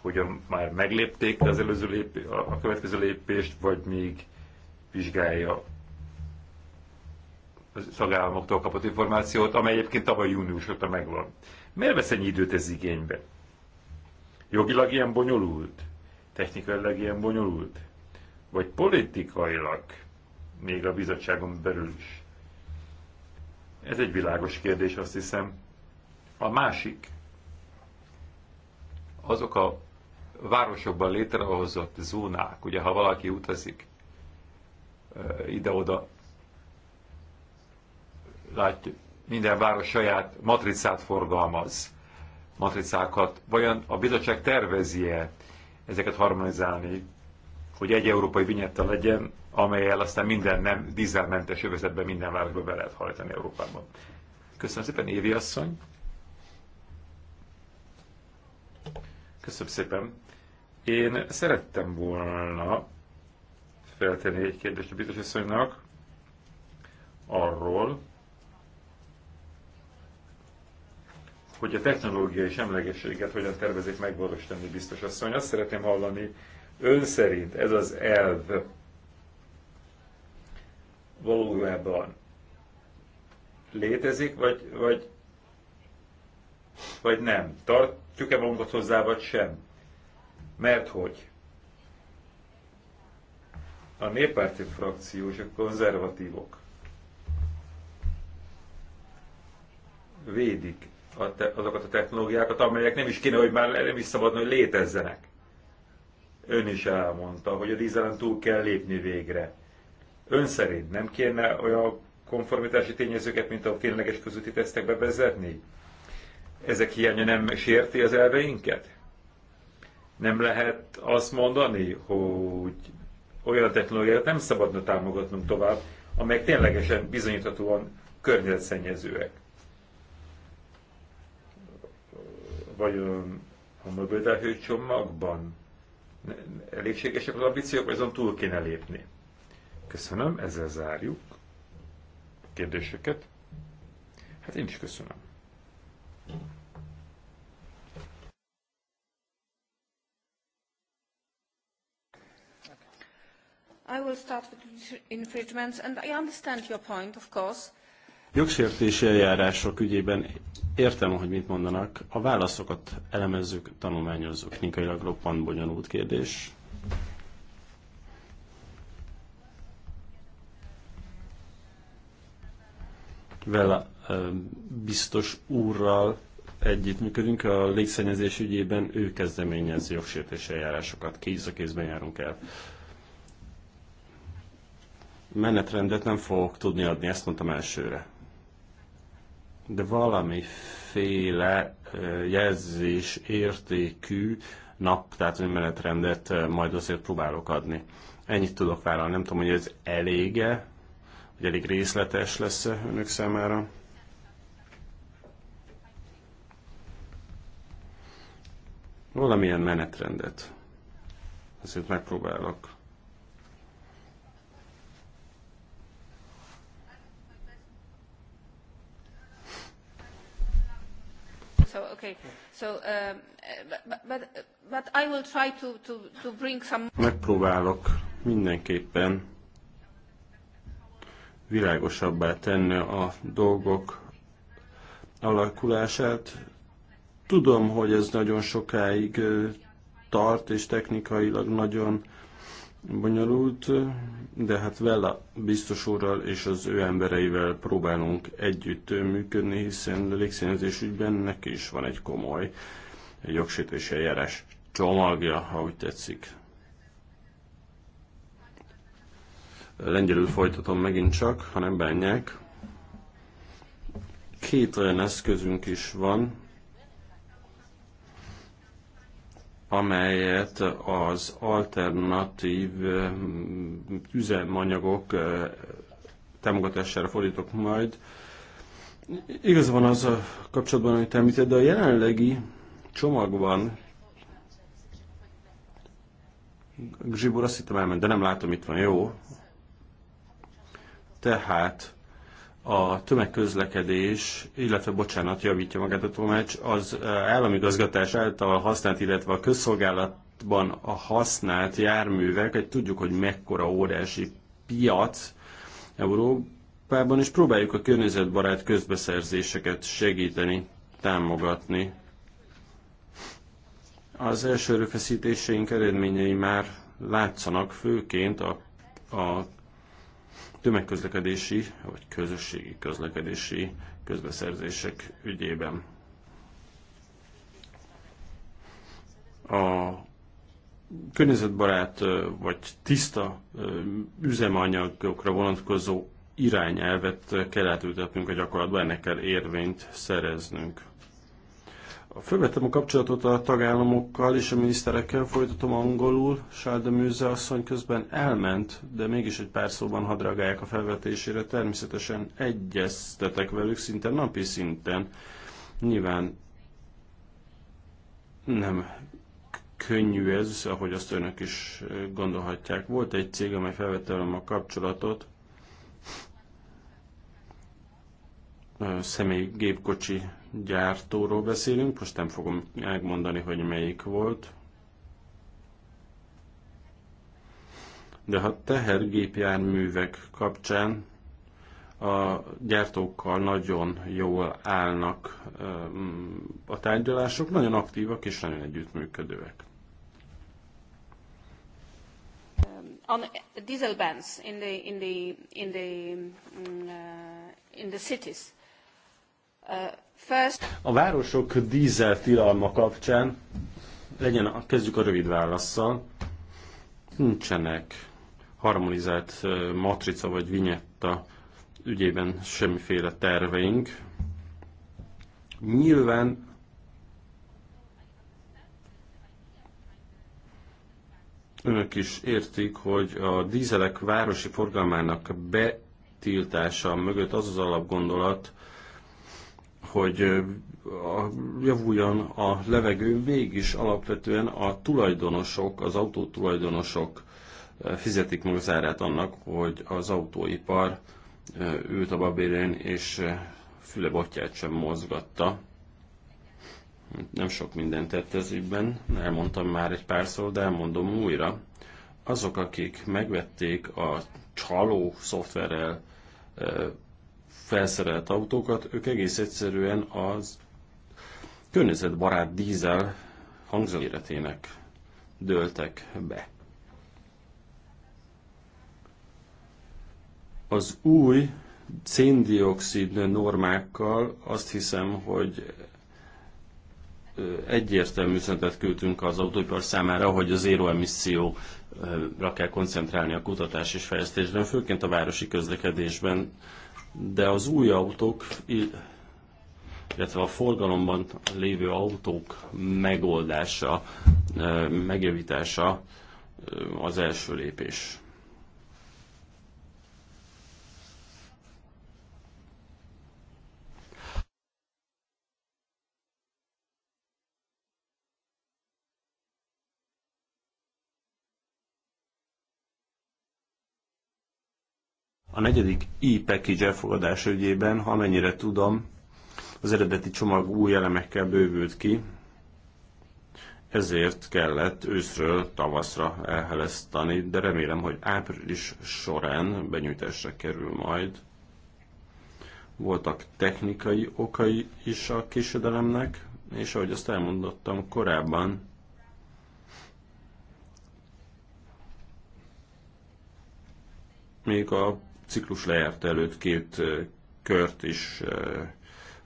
[SPEAKER 2] Hogy már meglépték az előző lép, a következő lépést, vagy még vizsgálja a szagállamoktól kapott információt, amely egyébként tavaly június óta megvan. Miért vesz ennyi időt ez igénybe? Jogilag ilyen bonyolult? Technikailag ilyen bonyolult? vagy politikailag még a bizottságon belül is? Ez egy világos kérdés, azt hiszem. A másik, azok a városokban létrehozott zónák, ugye ha valaki utazik ide-oda, látja, minden város saját matricát forgalmaz, matricákat. Vajon a bizottság tervezi-e ezeket harmonizálni? hogy egy európai vinyetta legyen, amelyel aztán minden nem dízelmentes övezetben minden városba be lehet hajtani Európában. Köszönöm szépen, Évi asszony! Köszönöm szépen! Én szerettem volna feltenni egy kérdést a biztos asszonynak arról, hogy a technológiai semlegességet hogyan tervezik megvalósítani biztos asszony. Azt szeretném hallani, Ön szerint ez az elv valójában létezik, vagy, vagy, vagy nem? Tartjuk-e magunkat hozzá, vagy sem? Mert hogy? A néppárti frakció és a konzervatívok védik a te, azokat a technológiákat, amelyek nem is kéne, hogy már nem is szabadna, hogy létezzenek ön is elmondta, hogy a dízelen túl kell lépni végre. Ön szerint nem kéne olyan konformitási tényezőket, mint a tényleges közúti tesztekbe vezetni? Ezek hiánya nem sérti az elveinket? Nem lehet azt mondani, hogy olyan technológiát nem szabadna támogatnunk tovább, amelyek ténylegesen bizonyíthatóan környezetszennyezőek. Vagy a mobiltelhő csomagban elégségesek az ambíciók, vagy azon túl kéne lépni? Köszönöm, ezzel zárjuk a kérdéseket. Hát én is köszönöm.
[SPEAKER 3] I will start with infringements, and I understand your point, of course
[SPEAKER 4] jogsértési eljárások ügyében értem, hogy mit mondanak. A válaszokat elemezzük, tanulmányozzuk. Technikailag roppant bonyolult kérdés. Vele biztos úrral együttműködünk a légszennyezés ügyében, ő kezdeményezi jogsértési eljárásokat, kéz a kézben járunk el. Menetrendet nem fogok tudni adni, ezt mondtam elsőre de valamiféle jelzés értékű nap, tehát menetrendet majd azért próbálok adni. Ennyit tudok vállalni. Nem tudom, hogy ez elége, hogy elég részletes lesz -e önök számára. Valamilyen menetrendet. Ezért megpróbálok
[SPEAKER 3] Okay. So, uh, but, but, but I will try to, to, to bring some...
[SPEAKER 4] Megpróbálok mindenképpen világosabbá tenni a dolgok alakulását. Tudom, hogy ez nagyon sokáig tart, és technikailag nagyon bonyolult, de hát vele biztos úrral és az ő embereivel próbálunk együtt működni, hiszen a légszínezés ügyben neki is van egy komoly jogsértési eljárás csomagja, ha úgy tetszik. Lengyelül folytatom megint csak, ha nem bánják. Két olyan eszközünk is van, amelyet az alternatív mm, üzemanyagok támogatására fordítok majd. Igaz van az a kapcsolatban, amit említett, de a jelenlegi csomagban Zsibor azt hittem elment, de nem látom, itt van, jó. Tehát a tömegközlekedés, illetve bocsánat, javítja magát a tolmács, az gazgatás által használt, illetve a közszolgálatban a használt járművek, egy tudjuk, hogy mekkora óriási piac Európában, és próbáljuk a környezetbarát közbeszerzéseket segíteni, támogatni. Az első erőfeszítéseink eredményei már látszanak, főként a, a tömegközlekedési vagy közösségi közlekedési közbeszerzések ügyében. A környezetbarát vagy tiszta üzemanyagokra vonatkozó irányelvet kell átültetnünk a gyakorlatban, ennek kell érvényt szereznünk. Fölvettem a kapcsolatot a tagállamokkal és a miniszterekkel, folytatom angolul, Sálda Műze asszony közben elment, de mégis egy pár szóban hadragálják a felvetésére. Természetesen egyeztetek velük szinte napi szinten. Nyilván nem könnyű ez, ahogy azt önök is gondolhatják. Volt egy cég, amely felvette velem a kapcsolatot, gépkocsi gyártóról beszélünk, most nem fogom megmondani, hogy melyik volt. De ha tehergépjárművek kapcsán a gyártókkal nagyon jól állnak a tárgyalások, nagyon aktívak és nagyon együttműködőek.
[SPEAKER 3] on diesel bans in the in the in the mm, uh, in the cities. Uh,
[SPEAKER 2] a
[SPEAKER 4] városok dízel tilalma kapcsán legyen, kezdjük a rövid válaszsal. Nincsenek harmonizált matrica vagy vinyetta ügyében semmiféle terveink. Nyilván önök is értik, hogy a dízelek városi forgalmának betiltása mögött az az alapgondolat hogy javuljon a levegő, mégis alapvetően a tulajdonosok, az autótulajdonosok fizetik meg az árát annak, hogy az autóipar őt a babérén és botját sem mozgatta. Nem sok mindent tett ez ügyben, elmondtam már egy szó, de elmondom újra. Azok, akik megvették a csaló szoftverrel felszerelt autókat, ők egész egyszerűen az környezetbarát dízel hangzóéretének dőltek be. Az új széndiokszid normákkal azt hiszem, hogy egyértelmű üzenetet küldtünk az autóipar számára, hogy a zéro emisszióra kell koncentrálni a kutatás és fejlesztésben, főként a városi közlekedésben de az új autók, illetve a forgalomban lévő autók megoldása, e, megjavítása e, az első lépés. A negyedik e-package elfogadás ügyében, amennyire tudom, az eredeti csomag új elemekkel bővült ki, ezért kellett őszről tavaszra elhelesztani, de remélem, hogy április során benyújtásra kerül majd. Voltak technikai okai is a késedelemnek, és ahogy azt elmondottam korábban, még a ciklus lejárt előtt két kört is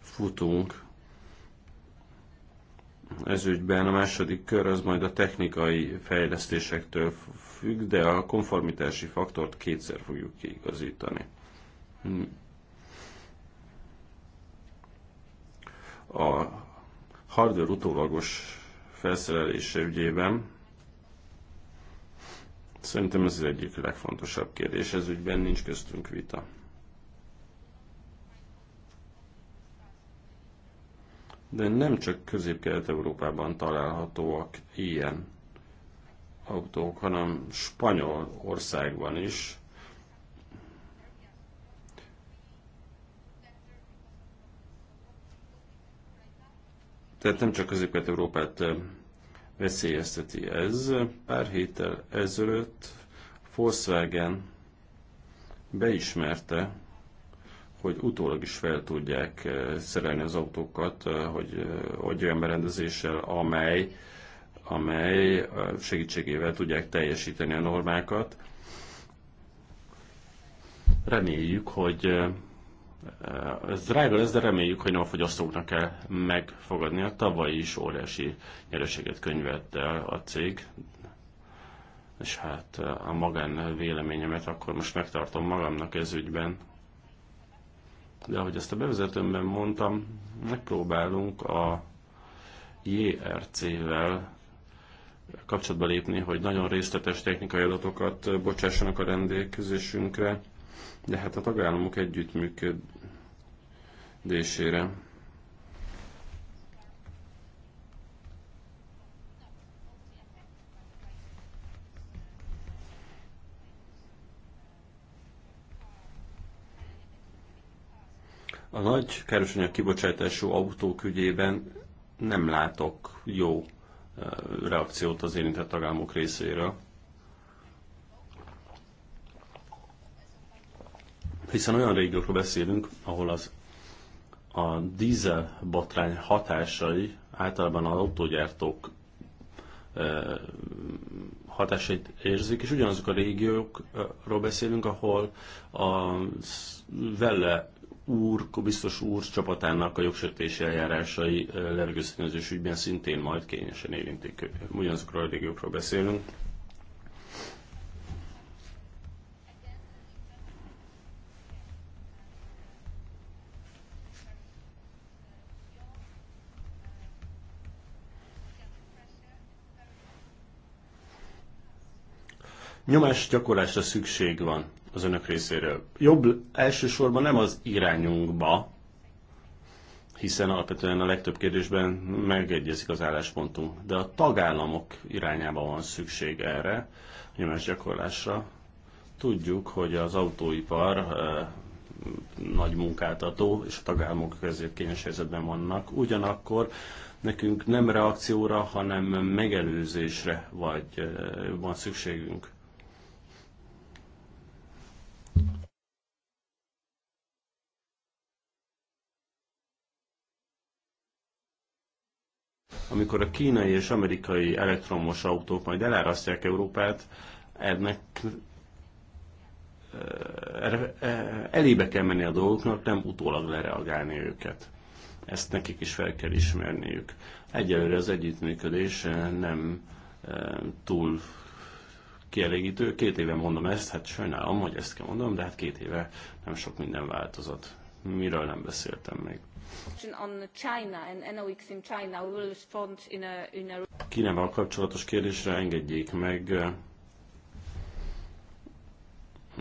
[SPEAKER 4] futunk. Ez ügyben a második kör az majd a technikai fejlesztésektől függ, de a konformitási faktort kétszer fogjuk kiigazítani. Hmm. A hardware utólagos felszerelése ügyében Szerintem ez az egyik legfontosabb kérdés, ez ügyben nincs köztünk vita. De nem csak Közép-Kelet-Európában találhatóak ilyen autók, hanem Spanyol országban is. Tehát nem csak Közép-Kelet-Európát eh, veszélyezteti. Ez pár héttel ezelőtt Volkswagen beismerte, hogy utólag is fel tudják eh, szerelni az autókat, eh, hogy, hogy eh, olyan berendezéssel, amely, amely segítségével tudják teljesíteni a normákat. Reméljük, hogy Eh, ez drága lesz, de reméljük, hogy nem a fogyasztóknak kell megfogadni. A tavalyi is óriási nyereséget könyvelt el a cég, és hát eh, a magán véleményemet akkor most megtartom magamnak ez ügyben. De ahogy ezt a bevezetőmben mondtam, megpróbálunk a JRC-vel kapcsolatba lépni, hogy nagyon részletes technikai adatokat bocsássanak a rendelkezésünkre. De hát a tagállamok együttműködésére A nagy károsanyag kibocsátású autók ügyében nem látok jó reakciót az érintett tagállamok részéről. hiszen olyan régiókról beszélünk, ahol az a dízel botrány hatásai általában az autógyártók hatásait érzik, és ugyanazok a régiókról beszélünk, ahol a vele úr, biztos úr csapatának a jogsértési eljárásai levegőszennyezés ügyben szintén majd kényesen érintik. Ugyanazokról a régiókról beszélünk, Nyomás gyakorlásra szükség van az önök részéről. Jobb elsősorban nem az irányunkba, hiszen alapvetően a legtöbb kérdésben megegyezik az álláspontunk, de a tagállamok irányába van szükség erre, a gyakorlásra. Tudjuk, hogy az autóipar eh, nagy munkáltató, és a tagállamok ezért kényes helyzetben vannak. Ugyanakkor nekünk nem reakcióra, hanem megelőzésre vagy eh, van szükségünk. amikor a kínai és amerikai elektromos autók majd elárasztják Európát, ennek eh, eh, elébe kell menni a dolgoknak, nem utólag lereagálni őket. Ezt nekik is fel kell ismerniük. Egyelőre az együttműködés eh, nem túl kielégítő. Két éve mondom ezt, hát sajnálom, hogy ezt kell mondom, de hát két éve nem sok minden változott. Miről nem beszéltem még.
[SPEAKER 3] On China and NOx in China, we will respond in a, in a...
[SPEAKER 4] Kínával kapcsolatos kérdésre engedjék meg,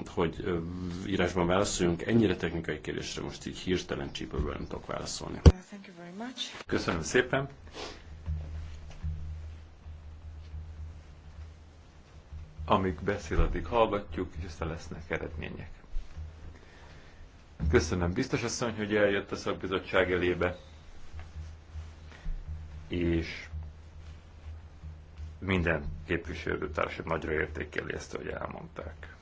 [SPEAKER 4] hogy írásban válaszoljunk. Ennyire technikai kérdésre most így hirtelen csípőből nem tudok válaszolni. Köszönöm
[SPEAKER 2] szépen. Amíg beszél, addig hallgatjuk, és aztán lesznek eredmények. Köszönöm biztos asszony, hogy eljött a szakbizottság elébe, és minden képviselőtársad nagyra értékeli ezt, hogy elmondták.